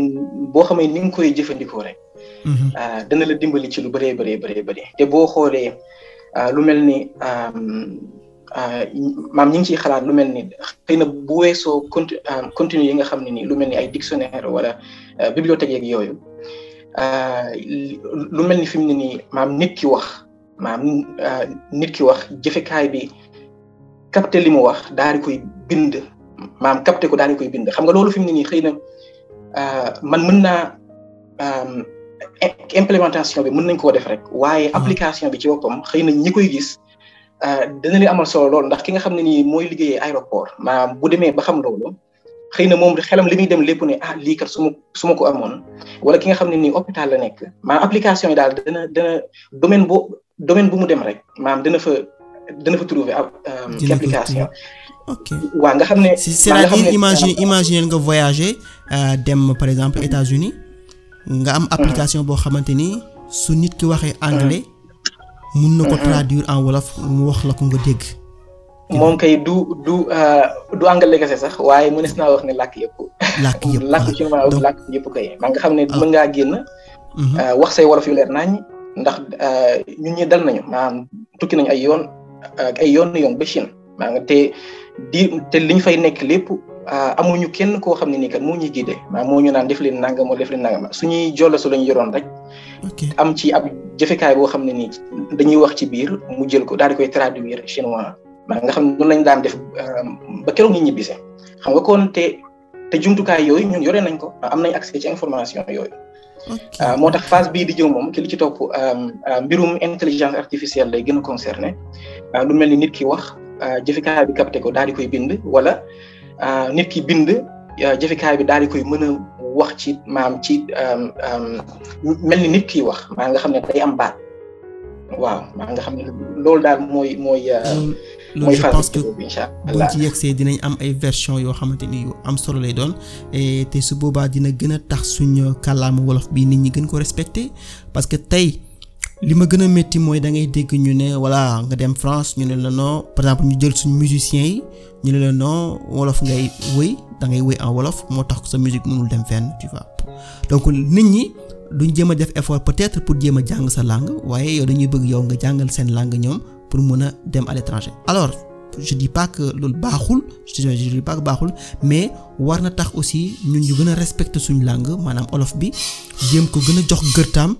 boo xamee ni nga koy jëfandikoo rek. Mm-hmm. Ah, dana la dimbali ci lu bëree bëree bëree bëri te boo xoolee ah, lu mel ni ah, maam ñi ngi ciy xalaat lu mel ni xëy bu weesoo conti continue yi nga xam ne nii lu mel ni ay dictionnaire wala bibliothèque yeeg yooyu lu mel ni fi mu ne nii maam nit ki wax maam nit ki wax jëfekaay bi capté li mu wax daal koy bind maam capté ko daal koy bind xam nga loolu fi mu ne nii xëy na man na naa implémentation bi mën nañ koo def rek waaye hmm. application bi ci boppam xëy na ñi koy gis euh, dina leen amal solo lool ndax ki nga xam ne nii mooy liggéey aéroport maanaam bu demee ba xam loolu xëy na moom xelam li muy dem lépp ne ah lii kat su ma su ma ko amoon wala ki nga xam ne nii hôpital la nekk maanaam application yi daal dana dana domaine boo domaine bu mu dem rek maanaam dana fa dana fa trouver ci euh, application ok waa nga xam ne c'est-à-dire imagine nga voyager euh, dem par exemple États-Unis nga am application boo xamante ni su nit ki waxee anglais. mun na ko mm-hmm. traduire en wolof mu wax la ko nga dégg. moom kay du du euh, du anglais kese sax waaye mënees naa wax ne làkk yëpp. làkk yëpp làkk ci ma làkk yëpp kay. maa nga xam ne ah. mën ngaa génn. Mm-hmm. Euh, wax say wolof yu leer nañ ndax euh, ñu ñi dal nañu maanaam tukki nañu ay yoon ay yoon yoon ba maa nga te di te li fay nekk lépp. Euh, amuñu kenn koo xam ne nii kat moo ñuy guidé maanaam moo ñu naan def leen nangam wala def leen nangam suñuy jollasu lañu yoroon rek. am ci ab jëfekaay boo xam ne nii dañuy wax ci biir mu jël ko daal di koy traduire chinois. maanaam nga xam ne noonu lañ daan def euh, ba keroog ñu ñibbisee xam nga kon te te jumtukaay yooyu ñun yore nañ ko am nañ accès ci information yooyu. Euh, moo tax phase bii di jëw moom ki li ci topp mbirum intelligence artificielle lay gën a concerné lu mel ni nit ki wax jëfekaay bi capté ko daal di koy bind wala. Euh, nit ki bind euh, jëfikaay bi daal di koy mën a wax ci maam ci euh, mel ni nit kiy wax maa nga xam ne day am baat waaw maa nga xam ne loolu daal mooy mooy. mooy phase bi incha allah loolu ci yegsee dinañ am ay version yoo xamante ni yu am solo lay doon te su boobaa dina gën a tax suñ kàllaama wolof bi nit ñi gën ko respecté parce tey. li ma gën a métti mooy dangay ngay dégg ñu ne voilà nga dem France ñu ne la non par exemple ñu jël suñu musiciens yi ñu ne la non wolof ngay wëy da ngay wëy en wolof moo tax sa musique mënul dem fen tu vois donc nit ñi duñ jëm a def effort peut-être pour jéem a jàng sa langue waaye yow dañuy bëgg yow nga jàngal seen làng ñoom pour mën a dem à l'étranger alors je dis pas que baaxul je dis pas que baaxul mais war na tax aussi ñun ñu gën a respecter suñu langue maanaam olof bi jéem ko gën a jox gërtaam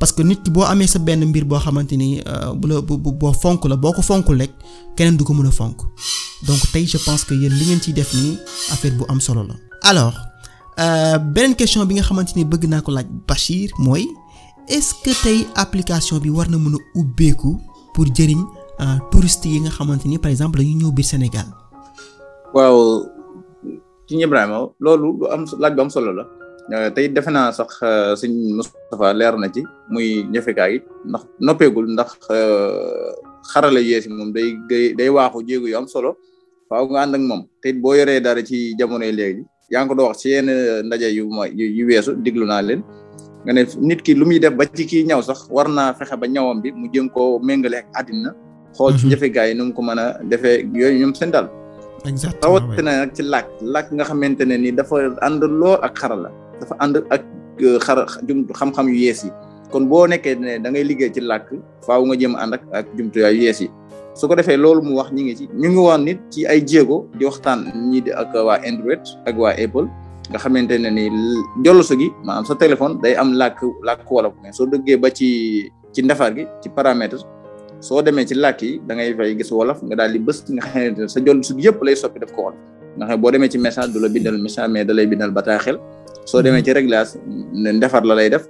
parce que nit boo amee sa benn mbir boo xamante ni euh, bu la bu boo fonk la boo ko fonkul rek keneen du ko mën a fonk donc tey je pense que yéen li ngeen ciy def nii affaire bu am solo la. alors euh, beneen question bi nga xamante ni bëgg naa ko laaj Bachir mooy est application bi war na mën a ubbeeku pour jëriñ euh, touristes yi nga xamante ni par exemple dañuy ñëw biir Sénégal. waaw loolu lu am solo la. Euh, tey defe naa sax euh, sëñ Moustapha leer na ci muy ñëfekaay yi ndax noppeegul ndax euh, xarala yees yi moom day day waaxu jéego yu am solo faaw nga ànd ak moom te it boo yoree dara ci jamono yi léegi yaa ngi ko doon ci yenn ndaje yu yu weesu diglu naa leen nga ne nit ki lu muy def ba ci kii ñaw sax war naa fexe ba ñawam bi mu jëm koo méngale ak àddina mhm. xool ci ñëfekaay yi nu mu ko mën a defee yooyu ñoom seen daal. exactement rawatina nag ci làkk làkk nga xamante ne ni dafa ànd lool ak xarala. dafa ànd ak euh, xar xam-xam yu yees yi kon boo nekkee ne da ngay liggéey ci làkk faaw nga jëm ànd ak ak jumtuwaay yu yees yi su ko defee loolu mu wax ñi ngi ci ñu ngi wax nit ci ay jéego di waxtaan ñii di ak waa Android ak waa Apple nga xamante ne ni jolloso gi maanaam sa téléphone day am làkk làkk wolof soo dëggee ba ci ci ndafar gi ci paramètres soo demee ci làkk yi da ngay fay gis wolof nga daal di bës nga xamante ne sa jolloso gi yëpp lay soppi def ko wolof nga xam boo demee ci message du la bindal message mais da lay bindal bataaxel soo demee mhm. ci réglage ndefar la lay def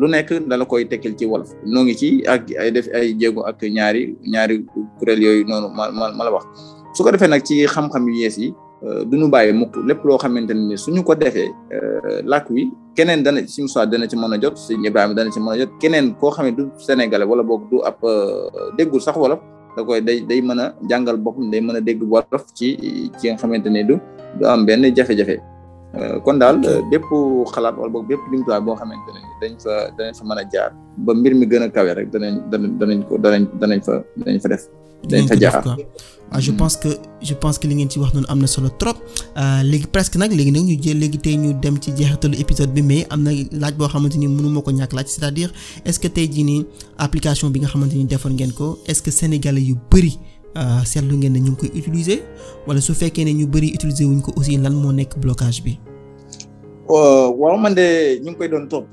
lu nekk dala koy tekkil ci wolof noo ngi ci ak ay def ay jéego ak ñaari ñaari kuréel yooyu noonu ma ma ma la wax su defee nag ci xam-xam yu yees yi euh, duñu bàyyi mukk lépp loo xamante ne suñu ko defee euh, lakk wi keneen dana si Moussa dana ci mën a jot si Ibrahima dana ci mën a jot keneen koo xam ne du sénégalais wala boog du ab euh, déggul sax wolof da koy day day mën a jàngal boppam day mën a dégg wolof ci ci nga xamante ne du du am benn jafe-jafe Euh, kon daal euh, bépp xalaat wala boog bépp limtuwaay boo xamante ne dañ fa danañ fa jaar ba mbir mi gën a kawe rek danañ danañ ko danañ danañ danañ fa def. danañ fa jaar waaw ah, hmm. pense que je pense que li ngeen ci wax noonu am na solo trop euh, léegi presque nag léegi nag ñu jël tey ñu dem ci jeexitalu épisode bi mais am na laaj boo xamante ni mënu ko ñàkk laaj c'est-à-dire est-ce que tey jii nii application bi nga xamante ni defoon ngeen ko est-ce que sénégalais yu bëri. Euh, seetlu ngeen ne ñu ngi koy utiliser wala su fekkee ne ñu bëri utiliser wuñ ko aussi lan moo nekk blocage bi. Euh, waaw man de ñu ngi koy doon topp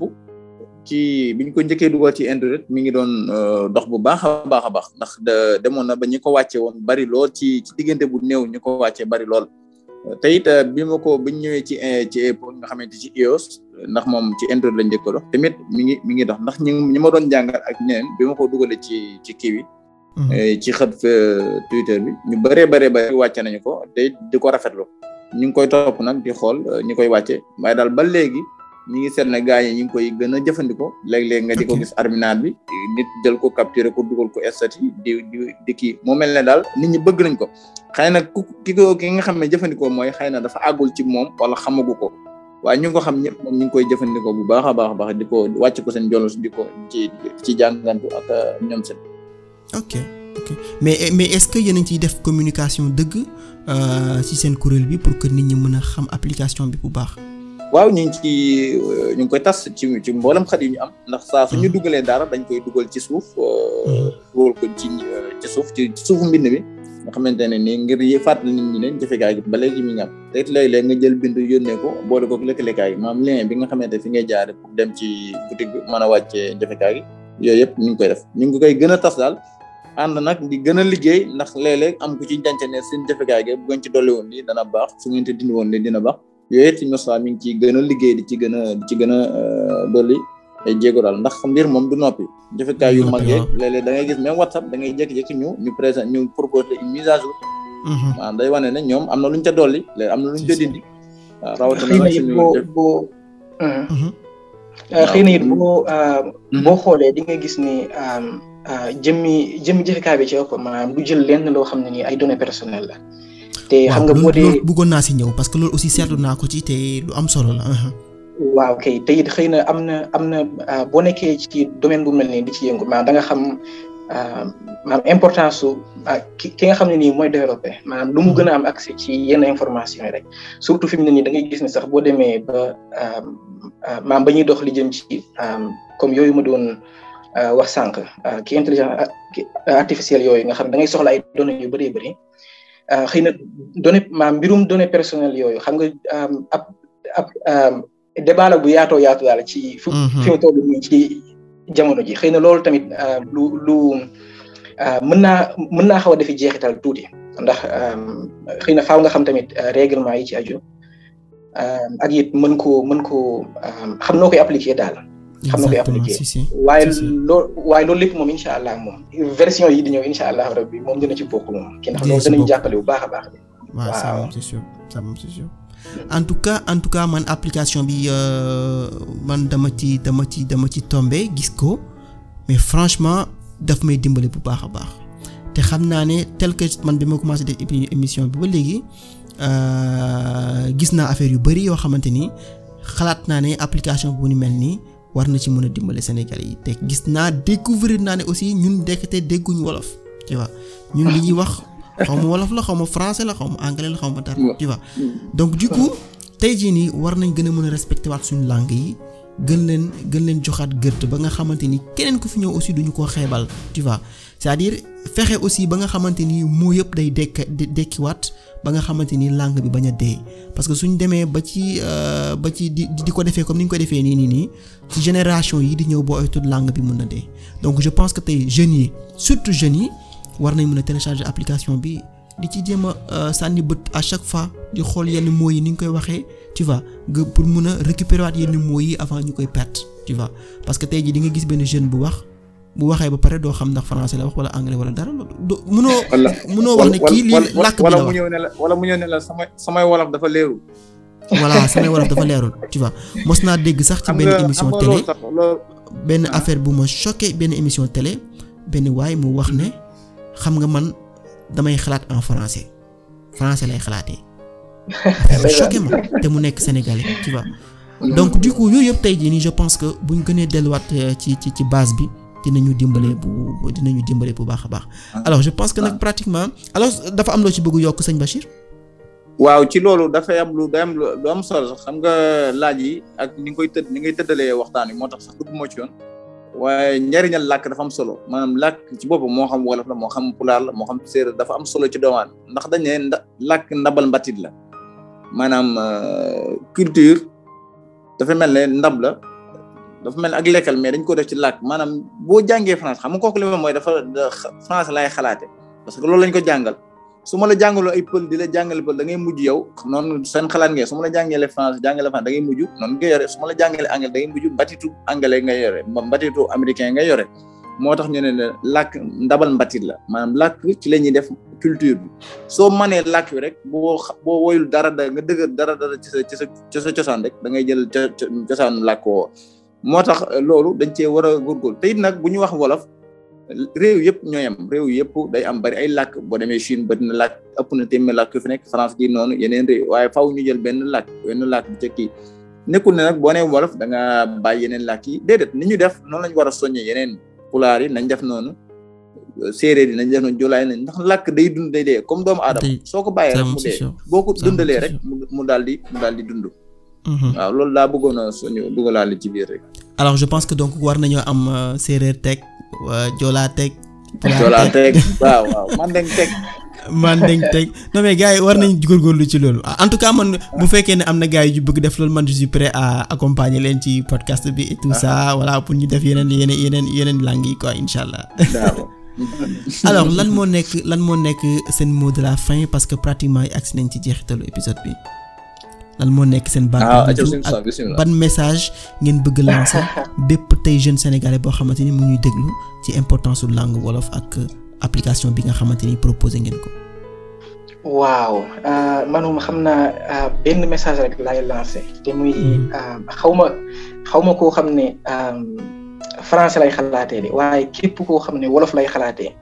ci bi ñu ko njëkkee dugal ci internet mi ngi doon euh, dox bu baax a baax a baax ndax demoon na ba ñi ko wàcce woon bari lool ci ci diggante bu néew ñu ko wàcce bari lool. te it bi ma ko bañ ñëwee ci ci pour nga xamante ci iOS ndax moom ci internet lañ njëkk dox tamit mu ngi mi ngi dox ndax ñi ma doon jàngal ak ñeneen bi ma ko dugalee ci ci kii bi. Mm-hmm. Eh, ci xët eh, Twitter bi ñu bëree bëree bëri wàcce nañu ko te di ko rafetlu ñu ngi koy topp nag di xool eh, ñi koy wàcce waaye daal ba léegi ñi ngi seet na gaa yi ñu ngi koy gën a jëfandikoo léeg nga di ko gis arminat bi nit jël ko capturer ko dugal ko statut yi di di kii mu mel ne daal nit ñi bëgg nañ ko xëy na ku ki ki nga xam ne jëfandikoo mooy xëy na dafa àggul ci moom wala gu ko waaye ñu ngi ko xam ñëpp moom ñu ngi koy jëfandikoo bu baax a baax a baax di ko wàcc seen jolos di ko ci ci jàngantu ak ñoom seen ok mais eh, mais est-ce que yéen a ngi ciy def communication dëgg euh, ci seen kuréel bi pour que nit ñi mën a xam application bi bu baax. waaw ñu ngi ci euh, ñu ngi koy tas ci ci mboolem xat yi ñu am ndax saa su ñu ah. dugalee dara dañ koy dugal ci suuf. Euh, mm-hmm. dugal ko ci ci suuf ci suufu mbind bi. nga xamante ne nii ngir yi fàttali nit ñi ne jafe-jafe gi ba léegi mi ngi am te it léeg nga jël bind yónnee ko mboole koog lëkkalekaay gi maanaam lien bi nga xamante ne fi ngay jaare pour dem ci boutique mën a wàccee jafe-jafe yooyu yëpp ñu ngi koy def ñu ngi koy gën a tas daal ànd nag di gën a liggéey ndax léeg am ku ci jànc ne seen jafekaay gi bu ngeen ci dolli woon li dana baax su ngeen te dindi woon li dina baax yooyu it Moussa mi ngi ciy gën a liggéey di ci gën a di ci gën a euh, dolli ay jéego daal ndax mbir moom du noppi jafekaay yu mag yeeg léeg da ngay gis même WhatsApp dangay ngay jékki-jékki ñu ñu présent ñu proposé une mise à jour mhm. waaw day wane ne ñoom am na luñ ca dolli léegi am na luñ ca dindi waaw rawatina nag suñu mhm. Mhm. Euh, xëy na it boo euh, boo xoolee di nga gis ni Euh, jëmmi jëmmi jëfikaay bi ci boppam maanaam du jël lenn loo xam ne nii ay données personnelles la. te xam nga boo dee loolu bëggoon naa si ñëw parce que loolu aussi seetlu naa ko ci te am solo la. Uh-huh. waaw kay te it xëy na am na am na euh, boo nekkee ci domaine bu mel nii di ci yëngu maanaam danga xam euh, maanaam importance su ki ki nga xam ne nii mooy développé maanaam lu mu hmm. gën a am accès ci yenn information yi rek surtout fi mu ne nii da ngay gis ne sax boo demee ba maanaam ba ñuy dox li jëm ci comme yooyu ma doon. Euh, wax sànq euh, ki intelligence euh, artificielle yooyu nga xam da ngay soxla ay données yu bëree bëri xëy na données ma mbirum données personnelles yooyu xam nga ab ab débat bu yaatoo yaatu daal ci. fu mm-hmm. fi mu toll nii ci jamono ji xëy na loolu tamit lu lu mën naa mën naa xaw a jeexital tuuti ndax xëy na faaw nga xam tamit règlement yi ci aju ak it mën ko mën ko xam noo koy appliquer daal. xam na koy appliqué waaye loolu waaye loolu lépp moom incha allah moom version yi di ñëw incha allah rabbi moom dina moom kii a baax bi waaw ça moom c'est sûr ça hmm. en tout cas en tout cas man application bi euh, man dama ci dama ci dama ci tombé gis ko mais franchement daf may dimbali bu baax a baax te xam naa ni tel que man bi ma commencé def émission bi ba léegi euh, gis naa affaire yu bari yoo xamante ni xalaat naa ne application bu nu mel nii war na ci mën a dimbale Sénégalais yi te gis naa découvrir naa ne aussi ñun ndekete dégguñ wolof tu vois ñun li ñuy wax xaw ma wolof la xaw ma français la xaw ma anglais la xaw ma dara tu vois donc du tey jii nii war nañ gën a mën a respecté waat suñu langue yi gën leen gën leen joxaat gërt ba nga xamante ni keneen ku fi ñëw aussi duñu ko xeebal tu c'est-à-dire fexe aussi ba nga xamante ni moo yëpp day dekk dekkiwaat ba nga xamante ni langue bi bañ a dee parce que suñ demee ba ci euh, ba ci di di ko defee comme ni ñu ko defee nii nii nii ci génération yi di ñëw boo ay tudd langue bi mun na dee donc je pense que tey jeunes yi surtout jeunes yi war nañ mën a télécharger application bi di ci jéem euh, sànni bët à chaque fois di xool yenn mots yi ni ñu koy waxee tu vois pour mun a récupérer waat yenn mots yi avant ñu koy perte tu parce que tey jii di nga gis benn jeune bu wax. bu waxee ba pare doo xam ndax français la wax wala anglais wala dara doo mënoo. mënoo wax ne wala mu wala mu ñëw ne la samay samay wolof dafa leerul. voilà samay wolof dafa mos naa dégg sax ci benn émission télé benn ah. affaire bu ma choqué benn émission télé benn waay mu wax ne xam nga man damay xalaat en français français lay xalaatee. mu ma te mu nekk sénégalais tu vois. donc du yooyu yëpp tey jii nii je pense que buñ gënee delluwaat euh, ci ci ci base bi. dinañu dimbale bu dinañu dimbale bu baax a baax. alors je pense que nag ah. pratiquement. alors dafa am loo ci bëgg yokk sëñ Bachir. waaw ci loolu dafay am lu day am solo sax xam nga laaj yi ak ni nga koy tëdd ni ngay tëddalee waxtaan wi moo tax sax dugg moo ci yoon. waaye njariñal làkk dafa am solo maanaam làkk ci boppam moo xam wolof la moo xam pulaar la moo xam séeréer dafa am solo ci doomaan ndax dañ ne nda làkk ndabal mbatit la maanaam euh, culture dafa mel ne ndab la. dafa mel ak lekkal mais dañ ko def ci làkk maanaam boo jàngee France xam nga kooku li ma mooy laay xalaate parce que loolu lañ ko jàngal su ma la jàngaloo ay pël di la jàngale pël da ngay mujj yow noonu seen xalaat ngeen su ma la jàngalee France jàngale France da ngay mujj yore su ma la jàngalee anglais da ngay mujj mbatitu anglais nga yore mbatitu américain nga yore moo tax ñu ne ne ndabal mbatit la maanaam làkk ci la ñuy def culture bi soo manee làkk bi rek boo boo woyul dara da nga dëgër dara dara ci sa sa sa cosaan rek da jël cosaanu làkk moo tax euh, loolu dañ cee war a góorgóorlu te nag bu ñu wax wolof réew yëpp ñoo yem réew yëpp day am bari ay lakk boo demee Chine bari na lakk ëpp na téeméer làkk yu fi nekk France gi noonu yeneen réew waaye faw ñu jël benn làkk benn làkk bu ca kii nekkul ne nag boo wolof da nga bàyyi yeneen làkk yi déedéet ni ñu def noonu lañ war a soññee yeneen pulaar yi nañ def noonu euh, séeréer yi nañ def noonu jolaay nañ ndax lakk day dund day dee comme doomu aadama soo ko bàyyee rek mu dee boo ko dundalee rek mu daal di daal di dund Mhm. waaw loolu daa bëggoon a suñu dugalaale ci biir rek. alors je pense que donc war nañoo am euh, séeréer teg joolaa teg. joolaa teg waaw waaw man dañ teg. man mais gars yi war nañ góorgóorlu ci loolu ah, en tout cas man bu ah. fekkee ne am na gars yu bëgg def loolu man je suis prêt à accompagner leen ci podcast bi et tout ça ah. voilà pour ñu def yeneen yeneen yeneen yeneen langues yi quoi incha allah. alors lan moo nekk lan moo nekk seen mot de fin parce que pratiquement agsi nañ ci jeexitalu épisode bi. lan moo nekk seen baat ah, ban message ngeen bëgg lancer bépp tey jeune sénégalais boo xamante ni mu ñuy déglu ci importance su langue wolof ak euh, application bi nga xamante ni proposé ngeen ko waaw euh, manum xam naa euh, benn message rek laay lancé te muy hmm. xaw ma xaw ma koo xam ne français lay xalaatee de waaye képp koo xam ne wolof lay xalaatee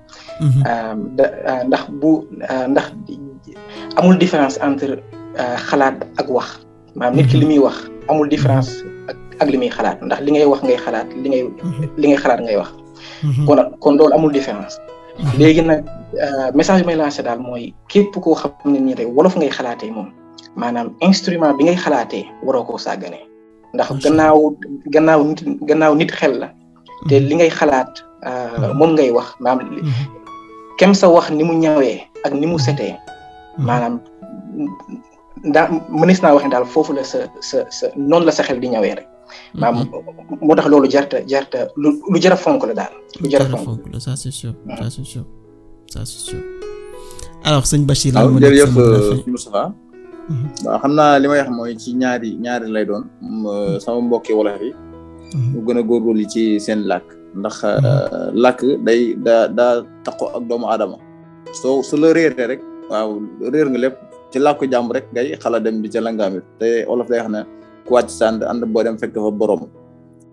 hmm. ndax bu ndax amul différence entre Euh, xalaat ak wax maanaam nit ki li muy wax amul différence ak ak li muy xalaat ndax li ngay wax ngay xalaat li ngay mhm. li ngay xalaat ngay wax mhm. kon kon loolu amul différence mhm. léegi nag euh, message bi may daal mooy képp koo xam ne nii rek wolof ngay xalaatee moom maanaam instrument bi ngay xalaatee waroo koo sàggane ndax gannaaw gannaaw nit xel la te li ngay xalaat euh, moom ngay wax ken sa wax ni mu ñawee ak ni mu setee daa mënees naa wax ne daal foofu la sa sa sa noonu la sa xel di ñawee rek. Mhm. maam moo tax loolu jarta jarta lu lu jar fonk la daal. lu jar a fonk la ça c'est sûr ça c'est sûr ça c'est sëñ Bachir. lan moo euh, mhm. xam naa li may wax mooy ci ñaari ñaari lay doon. Mm, euh, mhm. sama mbokki wolof yi. mu gën a góorgóorlu ci seen lakk ndax euh, lakk day daa daa taqo ak doomu aadama. soo su la réeree rek. waaw réer nga lépp. ci làkku jàmm rek ngay xala dem bi ca langaam te olof day wax ne ku wàcc sànd ànd boo dem fekk fa borom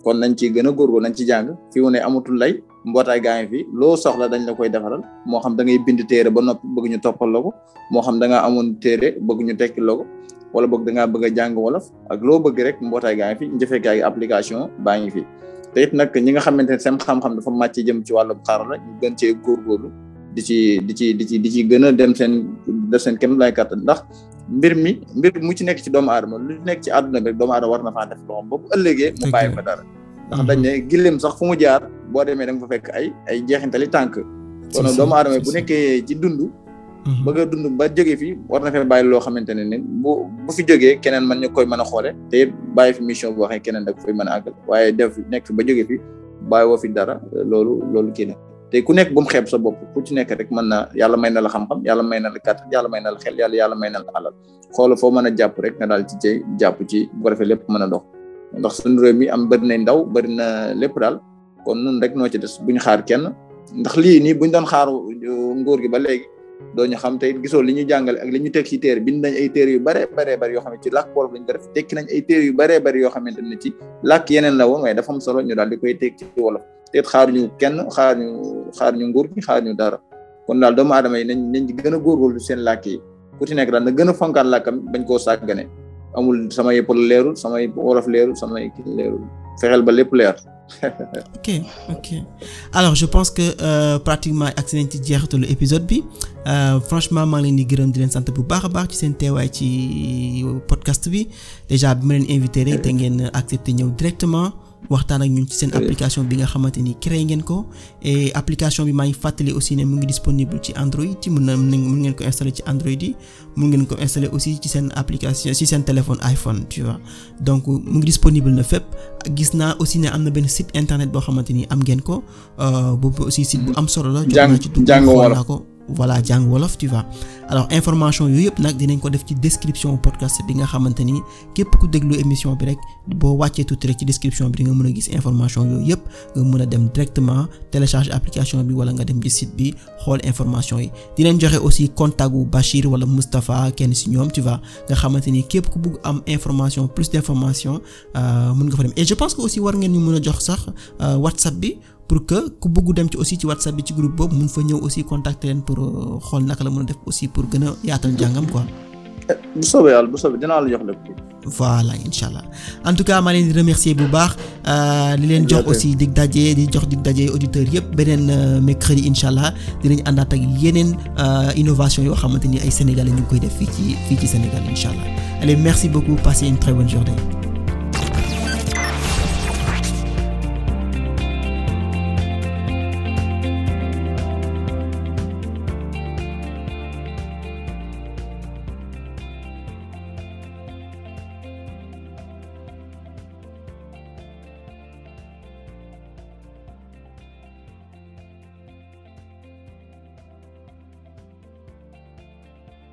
kon nañ ci gën a góorgóorlu nañ ci jàng fi mu ne amatul lay mbootaay gaa ngi fi loo soxla dañ la koy defaral moo xam da ngay bind téere ba nopp bëgg ñu toppal ko moo xam da ngaa amoon téere bëgg ñu tekki wala bëgg da ngaa bëgg a jàng wolof ak loo bëgg rek mbootaay gaa ngi fi njëfeekaay application baa ngi fi te it nag ñi nga xamante ne seen xam-xam dafa màcc jëm ci wàllum xarala ñu gën cee góorgóorlu di ci di ci di ci di ci gën a dem seen def seen kem lay kàttan ndax mbir mi mbir mu ci nekk ci doomu aadama lu nekk ci àdduna bi rek doomu aadama war na faa def loxoom ba bu ëllëgee mu bàyyi fa dara ndax dañ ne gillem sax fu mu jaar boo demee da fo fekk ay ay jeexintali tànk kon doomu aadama bu nekkee ci dund mhm. bëgg a dund ba jóge fi war na fee bàyyi loo xamante ne ni bu bu fi jógee keneen ma ñu koy mën a xoole te it bàyyi fi mission boo xam keneen da ko mën a àggal waaye def nekk fi ba jóge fi bàyyi woo fi dara loolu loolu kii te ku nekk bu mu xeeb sa bopp ku ci nekk rek mën na yàlla may na la xam-xam yàlla may na la kàttan xel yàlla yàlla may na la alal xoolal foo mën a jàpp rek na daal ci cay jàpp ci bu ko defee lépp mën a dox ndax suñu mi am bëri nañ ndaw bëri na lépp daal kon nun rek noo ci des buñu xaar kenn ndax lii nii buñ daan xaaru uh, nguur gi ba léegi dooñu xam te gisoo li ñu jàngale ak li ñu teg ci téere bind nañ ay téere yu bare bare bare yoo xam ne ci làkk wolof lañ def tekki nañ ay téere yu bare bare yoo xamante ne ci làkk yeneen la woon waaye dafa am solo ñu daal di koy teg ci wolof xaar xaaruñu kenn xaaruñu xaaruñu nguur xaar xaaruñu dara kon daal doomu aadama yi nañ nañ gën a góorgóorlu seen làkk yi ku ci nekk daal na gën a fonkaat làkkam bañ koo sàggane amul sama yëpp leerul samay wolof leerul samay kii leerul fexeel ba lépp leer. ok ok alors je pense que euh, pratiquement agsi nañ ci jeexitalu épisode bi euh, franchement maa ngi leen di gërëm di leen sant bu baax a baax ci seen teewaay ci euh, podcast bi déjà bi ma leen invité rek da ngeen accepté ñëw directement. waxtaan ak ñun ci seen application bi nga xamante ni ngeen ko application bi maa fàttali aussi ne mu ngi disponible ci Android yi mun na mun ngeen ko installer ci aussi ci seen application ci seen téléphone iPhone tu donc mu ngi disponible na fépp gis naa aussi ne am na benn site internet boo xamante ni am ngeen ko boobu euh, aussi site bu mm-hmm. am solo la. jàng jàngoo ko. voilà jàng wolof tu vois alors information yooyu yëpp nag dinañ ko def ci description podcast bi nga xamante ni képp ku déglu émission bi rek boo wàccee tuuti rek ci description bi di nga mën a gis information yooyu yëpp nga mën a dem directement télécharger application bi wala nga dem ci bi xool information yi dinañ joxe aussi contact wu Bachir wala Moustapha kenn si ñoom tu nga xamante ni képp ku bugg am information plus d'information euh, mën nga fa je pense que aussi war ngeen ñu mën a jox sax euh, WhatsApp bi pour que ku bëgg dem ci aussi ci whatsapp bi ci groupe boobu mun fa ñëw aussi contacter leen pour euh, xool naka la mën a def aussi pour gën a yaatal jàngam am bu soobee yàlla bu soobee dinaa la jox lépp. en tout cas maa leen di remercier bu baax euh, leen jox aussi dig dajee di jox dig daje auditeurs yëpp beneen euh, mercredi incha allah dinañ àndaat ak yeneen innovation yoo xamante ni ay sénégalais ñu koy def fii ci fii ci Sénégal incha allah merci beaucoup passez une très bonne journée.